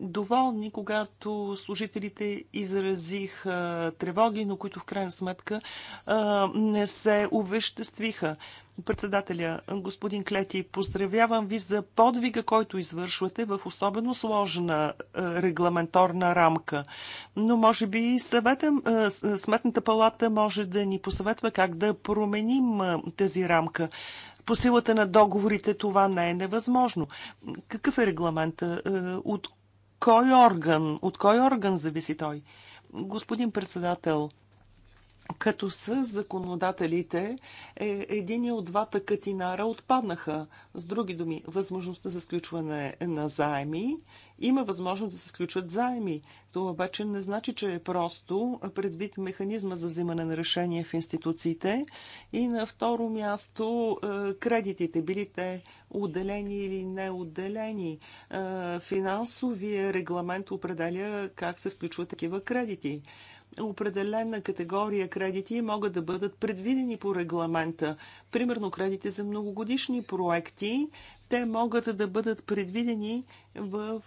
доволни, когато служителите изразих е, тревоги, но които в крайна сметка е, не се увеществиха. Председателя, господин Клети, поздравявам ви за подвига, който извършвате в особено сложна е, регламенторна рамка. Но може би съветъм, е, Сметната палата може да ни посъветва как да променим е, тази рамка. По силата на договорите това не е невъзможно. Какъв е регламент? От кой орган? От кой орган зависи той? Господин председател, като с законодателите, е, един от двата катинара отпаднаха. С други думи, възможността за сключване на заеми. Има възможност да се сключат заеми. Това обаче не значи, че е просто предвид механизма за взимане на решения в институциите. И на второ място е, кредитите, били те отделени или неотделени. Е, финансовия регламент определя как се сключват такива кредити определена категория кредити могат да бъдат предвидени по регламента. Примерно кредити за многогодишни проекти те могат да бъдат предвидени в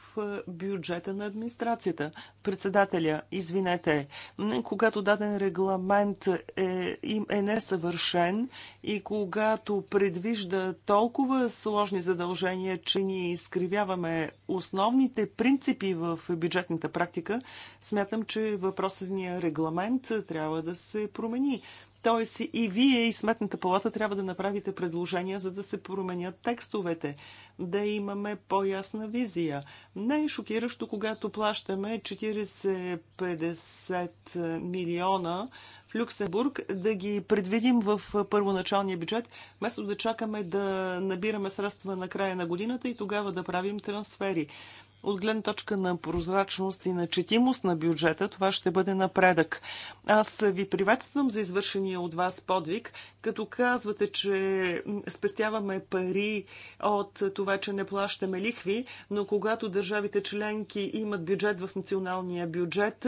бюджета на администрацията. Председателя, извинете, когато даден регламент е, е несъвършен и когато предвижда толкова сложни задължения, че ние изкривяваме основните принципи в бюджетната практика, смятам, че въпросът ни регламент трябва да се промени. Тоест и вие и Сметната палата трябва да направите предложения, за да се променят текстовете, да имаме по-ясна визия. Не е шокиращо, когато плащаме 40-50 милиона в Люксембург, да ги предвидим в първоначалния бюджет, вместо да чакаме да набираме средства на края на годината и тогава да правим трансфери. От гледна точка на прозрачност и на четимост на бюджета, това ще бъде напредък. Аз ви приветствам за извършения от вас подвиг, като казвате, че спестяваме пари от това, че не плащаме лихви, но когато държавите членки имат бюджет в националния бюджет,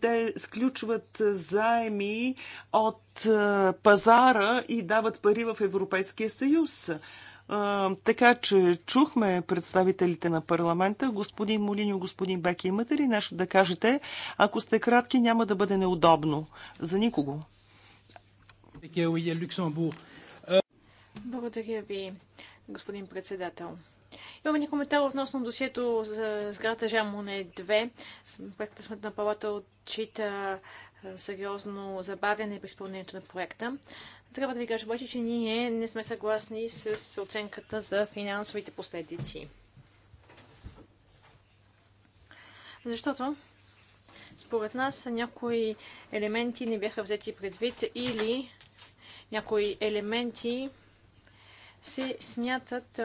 те сключват заеми от пазара и дават пари в Европейския съюз така че чухме представителите на парламента. Господин Молиньо, господин Беки, имате ли нещо да кажете? Ако сте кратки, няма да бъде неудобно за никого. Благодаря ви, господин председател. Имаме ни коментар относно досието за сграда Жамоне 2. Проектът на палата отчита сериозно забавяне при изпълнението на проекта. Трябва да ви кажа обаче, че ние не сме съгласни с оценката за финансовите последици. Защото според нас някои елементи не бяха взети предвид или някои елементи се смятат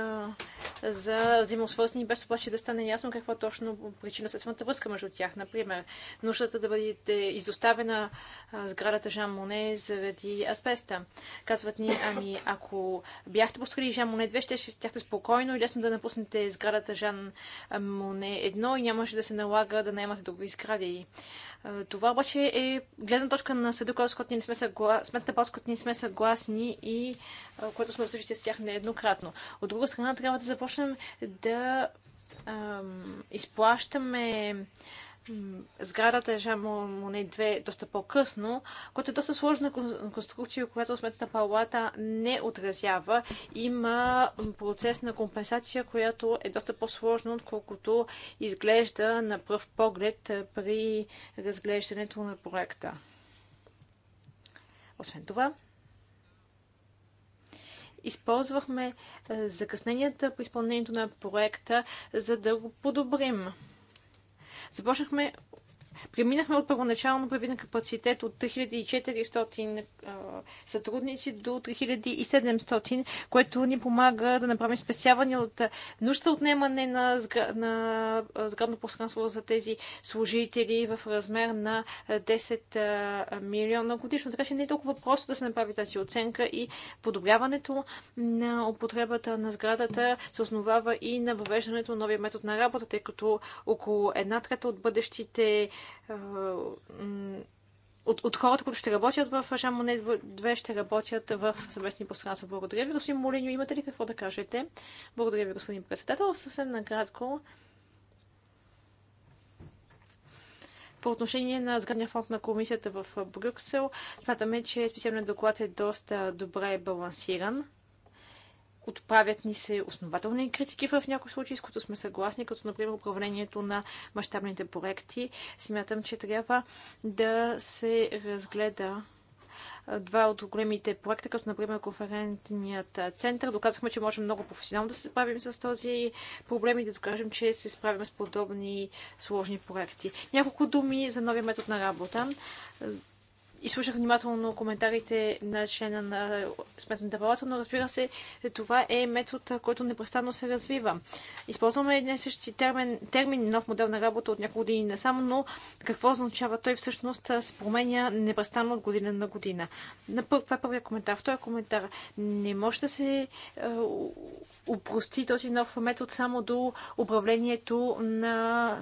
за взаимосвързани, без обаче да стане ясно каква точно причина следствената връзка между тях. Например, нуждата да бъде изоставена сградата Жан Моне заради асбеста. Казват ни, ами ако бяхте построили Жан Моне 2, ще щяхте спокойно и лесно да напуснете сградата Жан Моне 1 и нямаше да се налага да наемате други сгради. Това обаче е гледна точка на съда, която с не сме съгласни, сметната палата, която не сме съгласни и което сме обсъждали с тях нееднократно. От друга страна, трябва да започнем да ам, изплащаме сградата е Жамо Моне 2 е доста по-късно, което е доста сложна конструкция, която сметна палата не отразява. Има процес на компенсация, която е доста по-сложна, отколкото изглежда на пръв поглед е, при разглеждането на проекта. Освен това, използвахме е, закъсненията по изпълнението на проекта, за да го подобрим. Започнахме Преминахме от първоначално предвиден капацитет от 3400 сътрудници до 3700, което ни помага да направим спесяване от нужда отнемане на, на сградно пространство за тези служители в размер на 10 милиона годишно. Така че не е толкова просто да се направи тази оценка и подобряването на употребата на сградата се основава и на въвеждането на новия метод на работа, тъй като около една трета от бъдещите е, от, от хората, които ще работят в Монет 2, ще работят в съвместни пространства. Благодаря ви, господин Молиньо. Имате ли какво да кажете? Благодаря ви, господин председател. Съвсем накратко. По отношение на сградния фонд на комисията в Брюксел, смятаме, че специалният доклад е доста добре балансиран. Отправят ни се основателни критики в някои случаи, с които сме съгласни, като например управлението на мащабните проекти. Смятам, че трябва да се разгледа два от големите проекта, като например конферентният център. Доказахме, че можем много професионално да се справим с този проблем и да докажем, че се справим с подобни сложни проекти. Няколко думи за новия метод на работа изслушах внимателно коментарите на члена на Сметната палата, но разбира се, това е метод, който непрестанно се развива. Използваме един същи термин, термин, нов модел на работа от няколко години само, но какво означава той всъщност се променя непрестанно от година на година. това е първият коментар. втория коментар. Не може да се е, упрости този нов метод само до управлението на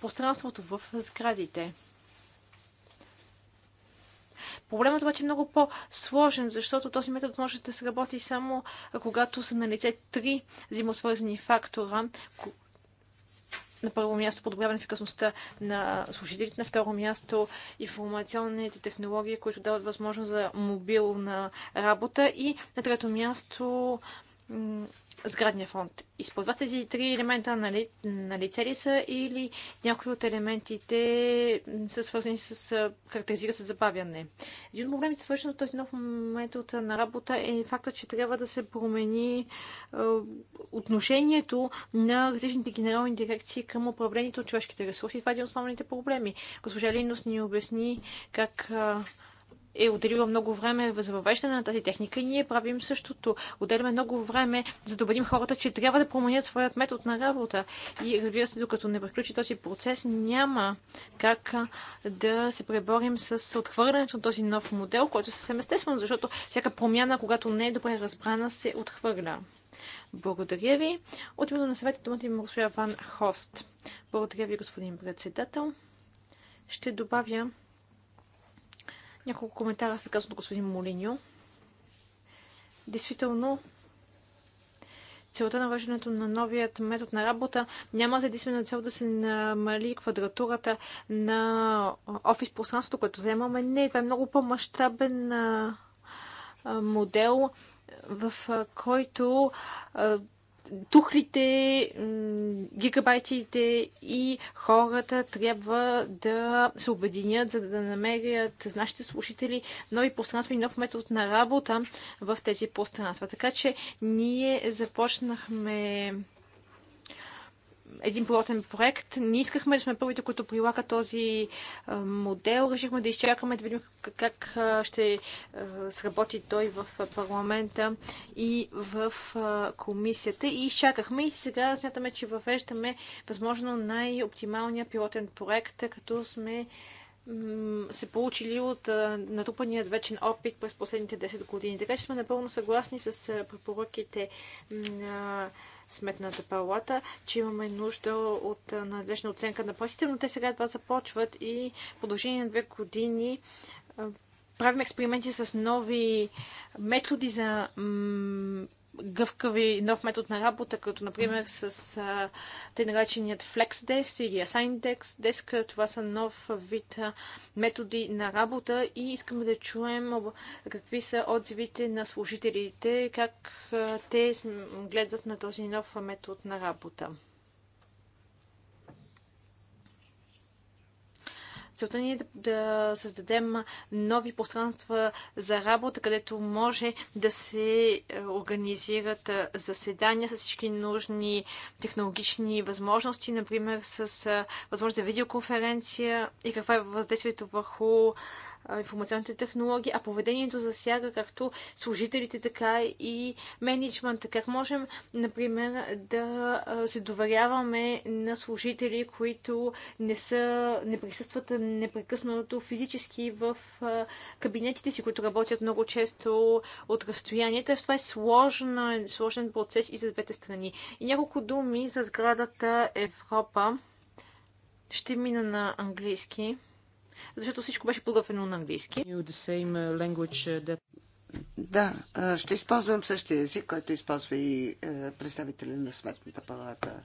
пространството в сградите. Проблемът обаче е много по-сложен, защото този метод може да се работи само когато са на лице три взаимосвързани фактора, на първо място подобряване ефикасността на служителите, на второ място информационните технологии, които дават възможност за мобилна работа и на трето място сградния фонд. Използва се вас тези три елемента на, лице ли са или някои от елементите са свързани с характеризира се забавяне? Един от проблемите, свършено от този нов от на работа е факта, че трябва да се промени е, отношението на различните генерални дирекции към управлението от човешките ресурси. Това е един от основните проблеми. Госпожа Линус ни обясни как е, е отделила много време за въвеждане на тази техника и ние правим същото. Отделяме много време, за да убедим хората, че трябва да променят своят метод на работа. И разбира се, докато не приключи този процес, няма как да се преборим с отхвърлянето на този нов модел, който е съвсем естествено, защото всяка промяна, когато не е добре разбрана, се отхвърля. Благодаря ви. От името на съвета думата има госпожа Ван Хост. Благодаря ви, господин председател. Ще добавя няколко коментара се казват от господин Молиньо. Действително, целта на въвеждането на новият метод на работа няма за единствена цел да се намали квадратурата на офис пространството, което вземаме. Не, това е много по-масштабен модел, в който тухлите, гигабайтите и хората трябва да се обединят, за да намерят нашите слушатели нови пространства и нов метод на работа в тези пространства. Така че ние започнахме един пилотен проект. Не искахме да сме първите, които прилага този модел. Решихме да изчакаме, да видим как ще сработи той в парламента и в комисията. И изчакахме и сега смятаме, че въвеждаме възможно най-оптималния пилотен проект, като сме се получили от натрупаният вечен опит през последните 10 години. Така че сме напълно съгласни с препоръките на Сметната палата, че имаме нужда от надлежна оценка на платите, но те сега едва започват и в продължение на две години правим експерименти с нови методи за гъвкави нов метод на работа, като например с а, те нареченият FlexDesk или AssignDesk. Desk, това са нов вид методи на работа и искаме да чуем какви са отзивите на служителите, как а, те гледат на този нов метод на работа. Целта ни е да, да създадем нови пространства за работа, където може да се е, организират е, заседания с всички нужни технологични възможности, например с е, възможност за видеоконференция и каква е въздействието върху информационните технологии, а поведението засяга както служителите, така и менеджмента. Как можем, например, да се доверяваме на служители, които не, са, не присъстват непрекъснато физически в кабинетите си, които работят много често от разстояние. Това е сложна, сложен процес и за двете страни. И няколко думи за сградата Европа. Ще мина на английски защото всичко беше подготвено на английски. Uh, uh, да, ще използвам същия език, който използва и е, представителя на Сметната палата.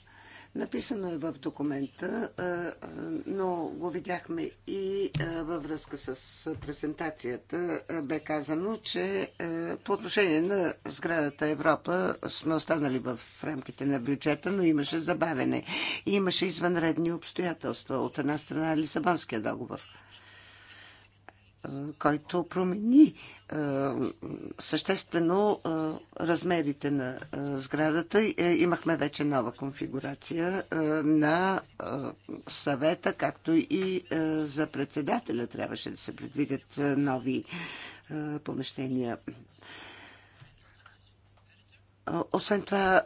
Написано е в документа, е, е, но го видяхме и във връзка с презентацията. Бе казано, че по отношение на сградата Европа сме останали в рамките на бюджета, но имаше забавене. И имаше извънредни обстоятелства. От една страна Лисабонския договор – който промени съществено размерите на сградата. Е, имахме вече нова конфигурация на съвета, както и за председателя трябваше да се предвидят нови помещения. Освен това,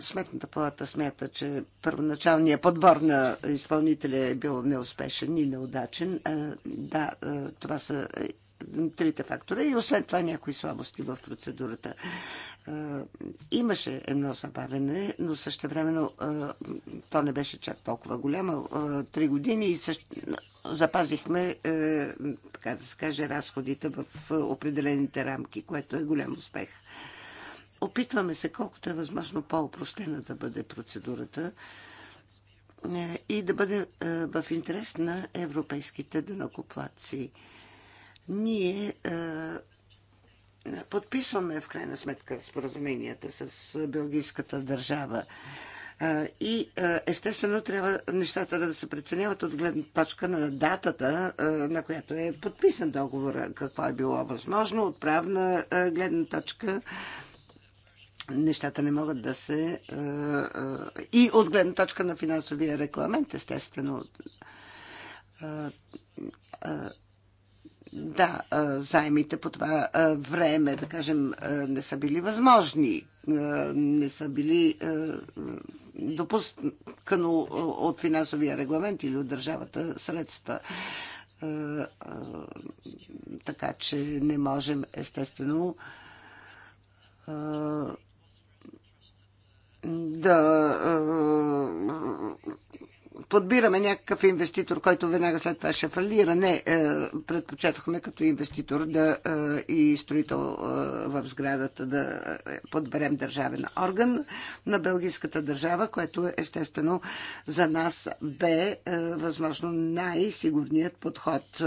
Сметната палата смята, че първоначалният подбор на изпълнителя е бил неуспешен и неудачен. Да, това са трите фактора и освен това някои слабости в процедурата. Имаше едно забавене, но времено то не беше чак толкова голямо. Три години и също... запазихме, е, така да се каже, разходите в определените рамки, което е голям успех. Опитваме се колкото е възможно по-опростена да бъде процедурата е, и да бъде е, в интерес на европейските денокоплаци. Ние е, подписваме в крайна сметка споразуменията с белгийската държава. И естествено трябва нещата да се преценяват от гледна точка на датата, на която е подписан договор, какво е било възможно от правна гледна точка, нещата не могат да се. Е, е, и от гледна точка на финансовия регламент, естествено. Е, да, заемите по това време, да кажем, не са били възможни, не са били допускано от финансовия регламент или от държавата средства така че не можем естествено да е, подбираме някакъв инвеститор, който веднага след това ще фалира. Не, е, предпочетахме като инвеститор да, е, и строител в сградата да подберем държавен орган на белгийската държава, което естествено за нас бе възможно най-сигурният подход.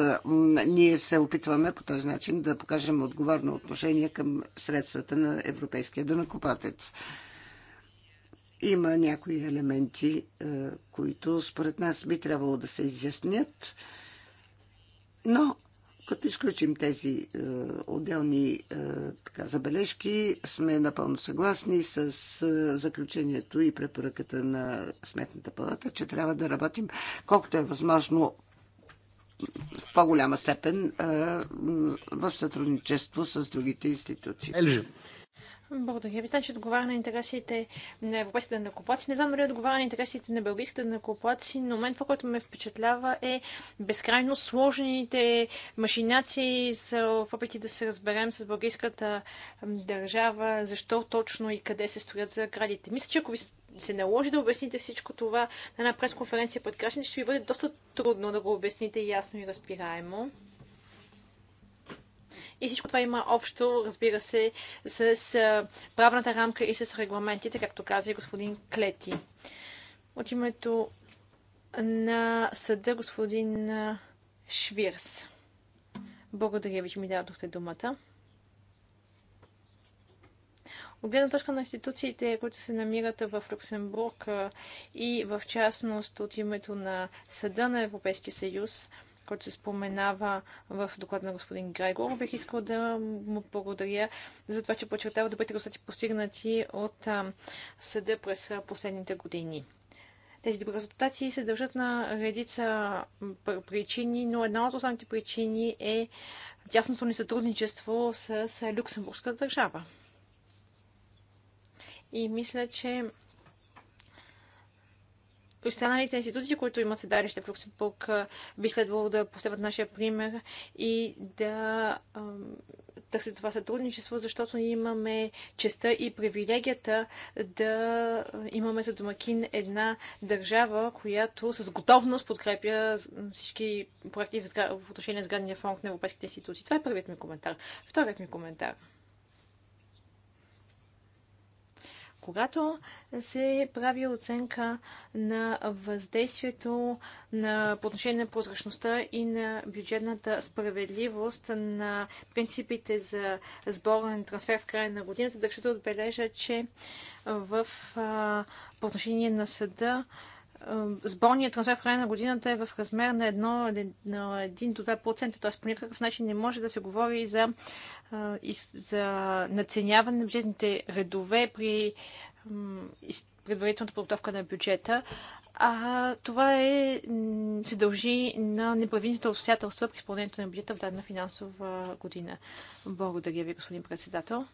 Ние се опитваме по този начин да покажем отговорно отношение към средствата на европейския дънакопатец. Има някои елементи, е, които според нас би трябвало да се изяснят, но като изключим тези е, отделни е, така, забележки, сме напълно съгласни с заключението и препоръката на Сметната палата, че трябва да работим колкото е възможно в по-голяма степен в сътрудничество с другите институции. Елжи. Благодаря ви. Значи отговаря на интересите на европейските накоплаци. Не знам дали отговаря на интересите на белгийските накоплаци, но мен това, което ме впечатлява е безкрайно сложните машинации са в опити да се разберем с българската държава, защо точно и къде се стоят заградите. Мисля, че ако ви се наложи да обясните всичко това на една пресконференция пред гражданите, ще ви бъде доста трудно да го обясните ясно и разбираемо. И всичко това има общо, разбира се, с правната рамка и с регламентите, както каза и господин Клети. От името на съда господин Швирс. Благодаря ви, че ми дадохте думата. От гледна точка на институциите, които се намират в Люксембург и в частност от името на Съда на Европейския съюз, който се споменава в доклад на господин Грегор. Бих искал да му благодаря за това, че подчертава добрите резултати постигнати от съда през последните години. Тези добри резултати се дължат на редица причини, но една от основните причини е тясното ни сътрудничество с Люксембургска държава. И мисля, че и останалите институции, които имат седалище в Люксембург, би следвало да последват нашия пример и да търсят това сътрудничество, защото ние имаме честа и привилегията да имаме за домакин една държава, която с готовност подкрепя всички проекти в отношение на сградния фонд на европейските институции. Това е първият ми коментар. Вторият ми коментар – Когато се прави оценка на въздействието на, по отношение на прозрачността и на бюджетната справедливост на принципите за сборен трансфер в края на годината, държа да отбележа, че в, по отношение на съда сборният трансфер в края на годината е в размер на 1, 1 до 2%, т.е. по никакъв начин не може да се говори за, за наценяване на бюджетните редове при предварителната подготовка на бюджета. А това е, се дължи на неправилните обстоятелства при изпълнението на бюджета в дадена финансова година. Благодаря ви, господин председател.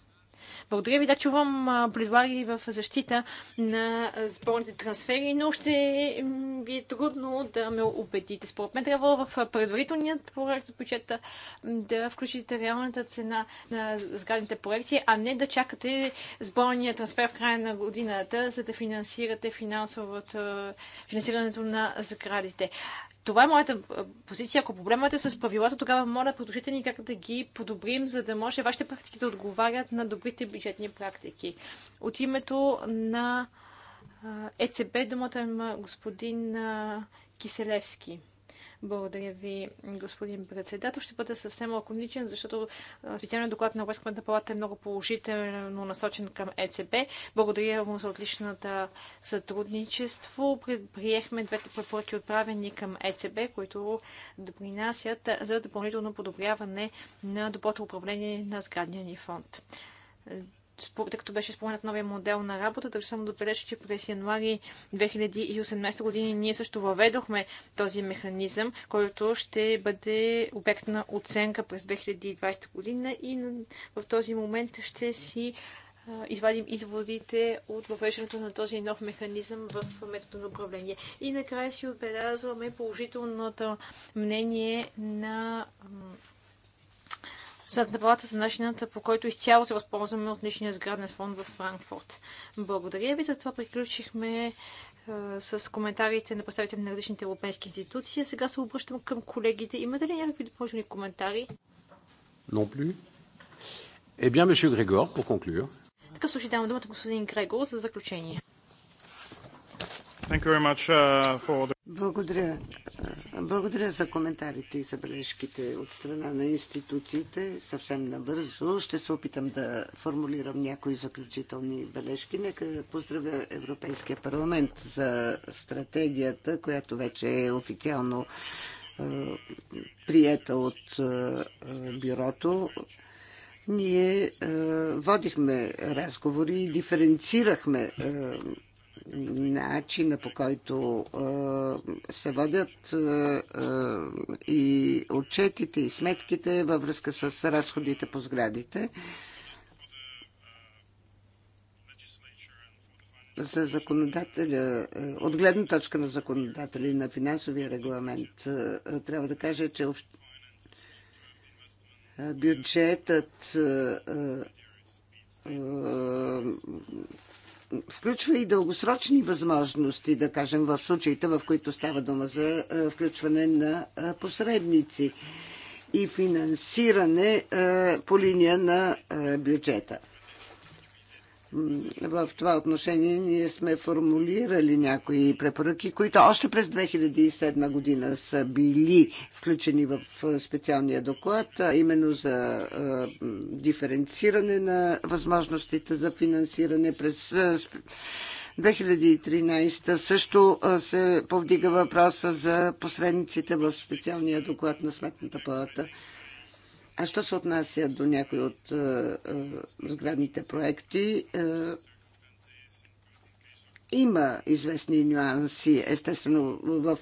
Благодаря ви, да чувам предлаги в защита на спорните трансфери, но ще ви е трудно да ме убедите. Според мен трябва в предварителният проект за бюджета да включите реалната цена на сградните проекти, а не да чакате сборния трансфер в края на годината, за да финансирате финансовото, финансирането на сградите. Това е моята позиция. Ако проблемът е с правилата, тогава моля, продължите ни как да ги подобрим, за да може вашите практики да отговарят на добрите бюджетни практики. От името на ЕЦБ думата има господин Киселевски. Благодаря ви, господин председател. Ще бъда съвсем лаконичен, защото специалният доклад на Уескната палата е много положително насочен към ЕЦБ. Благодаря му за отличната сътрудничество. Приехме двете препоръки отправени към ЕЦБ, които допринасят за допълнително подобряване на доброто управление на сградния ни фонд според като беше споменат новия модел на работа, държа само да отбележа, че през януари 2018 години ние също въведохме този механизъм, който ще бъде обект на оценка през 2020 година и в този момент ще си извадим изводите от въвеждането на този нов механизъм в метода на управление. И накрая си отбелязваме положителното мнение на Сметната палата за начината, по който изцяло се възползваме от личния сграден фонд в Франкфурт. Благодаря ви, за това приключихме е, с коментарите на представители на различните европейски институции. Сега се обръщам към колегите. Имате ли някакви допълнителни коментари? Non plus. Eh bien, monsieur Grégoire, pour conclure. Така слушайте давам думата господин Грегор за заключение. Uh, Благодаря. Благодаря за коментарите и забележките от страна на институциите. Съвсем набързо ще се опитам да формулирам някои заключителни бележки. Нека поздравя Европейския парламент за стратегията, която вече е официално е, приета от е, бюрото. Ние е, водихме разговори и диференцирахме. Е, начина по който се водят и отчетите и сметките във връзка с разходите по сградите. за законодателя, от гледна точка на законодателя и на финансовия регламент, трябва да кажа, че бюджетът включва и дългосрочни възможности, да кажем, в случаите, в които става дума за е, включване на е, посредници и финансиране е, по линия на бюджета. В това отношение ние сме формулирали някои препоръки, които още през 2007 година са били включени в специалния доклад, именно за диференциране на възможностите за финансиране през 2013 също се повдига въпроса за посредниците в специалния доклад на Сметната палата. А що се отнася до някои от е, е сградните проекти, е, има известни нюанси, естествено, в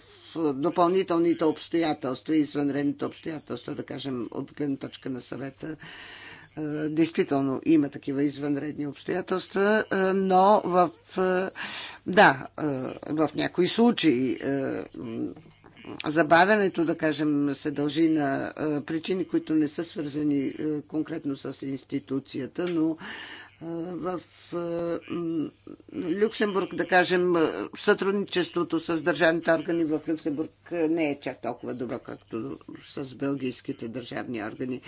допълнителните обстоятелства, извънредните обстоятелства, да кажем, от гледна точка на съвета. Е, действително има такива извънредни обстоятелства, е, но в, да, в някои случаи забавянето, да кажем, се дължи на причини, които не са свързани конкретно с институцията, но в Люксембург, да кажем, сътрудничеството с държавните органи в Люксембург не е чак толкова добро, както с белгийските държавни органи.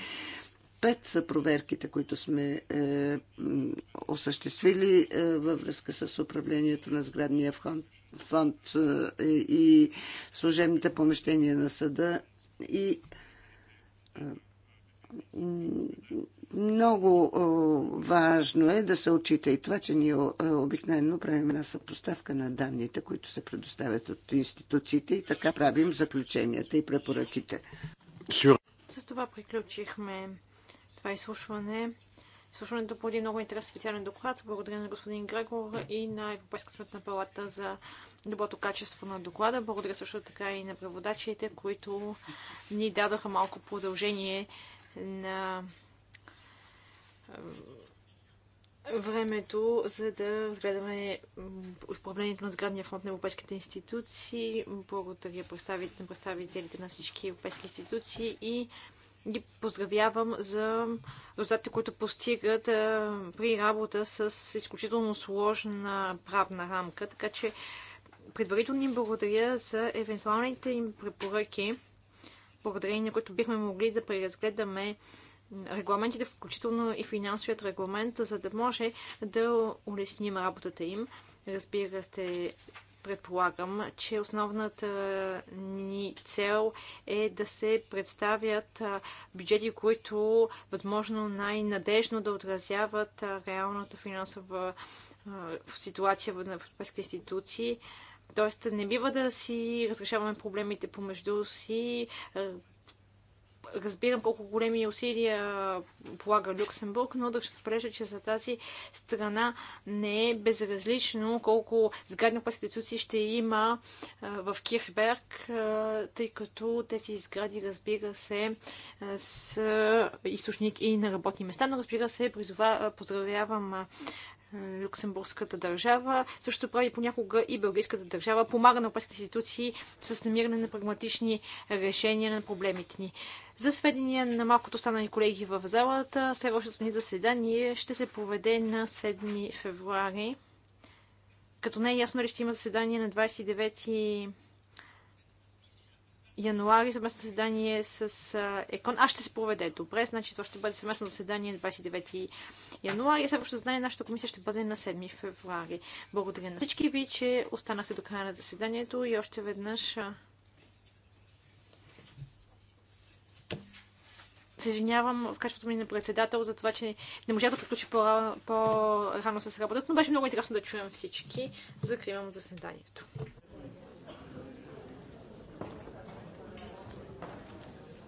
Пет са проверките, които сме е, осъществили е, във връзка с управлението на сградния фонд фонд и служебните помещения на съда и много важно е да се отчита и това, че ние обикновено правим една съпоставка на данните, които се предоставят от институциите и така правим заключенията и препоръките. За това приключихме това изслушване слушането по един много интересен специален доклад. Благодаря на господин Грегор и на Европейската сметна палата за доброто качество на доклада. Благодаря също така и на преводачите, които ни дадоха малко продължение на времето, за да разгледаме управлението на сградния фонд на европейските институции. Благодаря на представителите на всички европейски институции и ги поздравявам за резултатите, които постигат при работа с изключително сложна правна рамка. Така че предварително им благодаря за евентуалните им препоръки, благодарение на които бихме могли да преразгледаме регламентите, включително и финансовият регламент, за да може да улесним работата им. Разбирате, предполагам, че основната ни цел е да се представят бюджети, които възможно най-надежно да отразяват реалната финансова ситуация в европейските институции. Тоест, не бива да си разрешаваме проблемите помежду си, разбирам колко големи усилия полага Люксембург, но да ще отбележа, че за тази страна не е безразлично колко сградни институции ще има в Кирхберг, тъй като тези сгради, разбира се, с източник и на работни места, но разбира се, призова, поздравявам люксембургската държава. Също прави понякога и белгийската държава. Помага на европейските институции с намиране на прагматични решения на проблемите ни. За сведения на малкото останали колеги в залата, следващото ни заседание ще се проведе на 7 февруари. Като не е ясно ли ще има заседание на 29 януари съвместно заседание с ЕКОН. А ще се проведе. Добре, значи то ще бъде съвместно заседание на 29 януари януари, Сега ще знае, нашата комисия ще бъде на 7 февруари. Благодаря на всички ви, че останахте до края на заседанието и още веднъж се извинявам в качеството ми на председател за това, че не можа да приключи по-рано с работата, но беше много интересно да чуем всички. Закривам заседанието.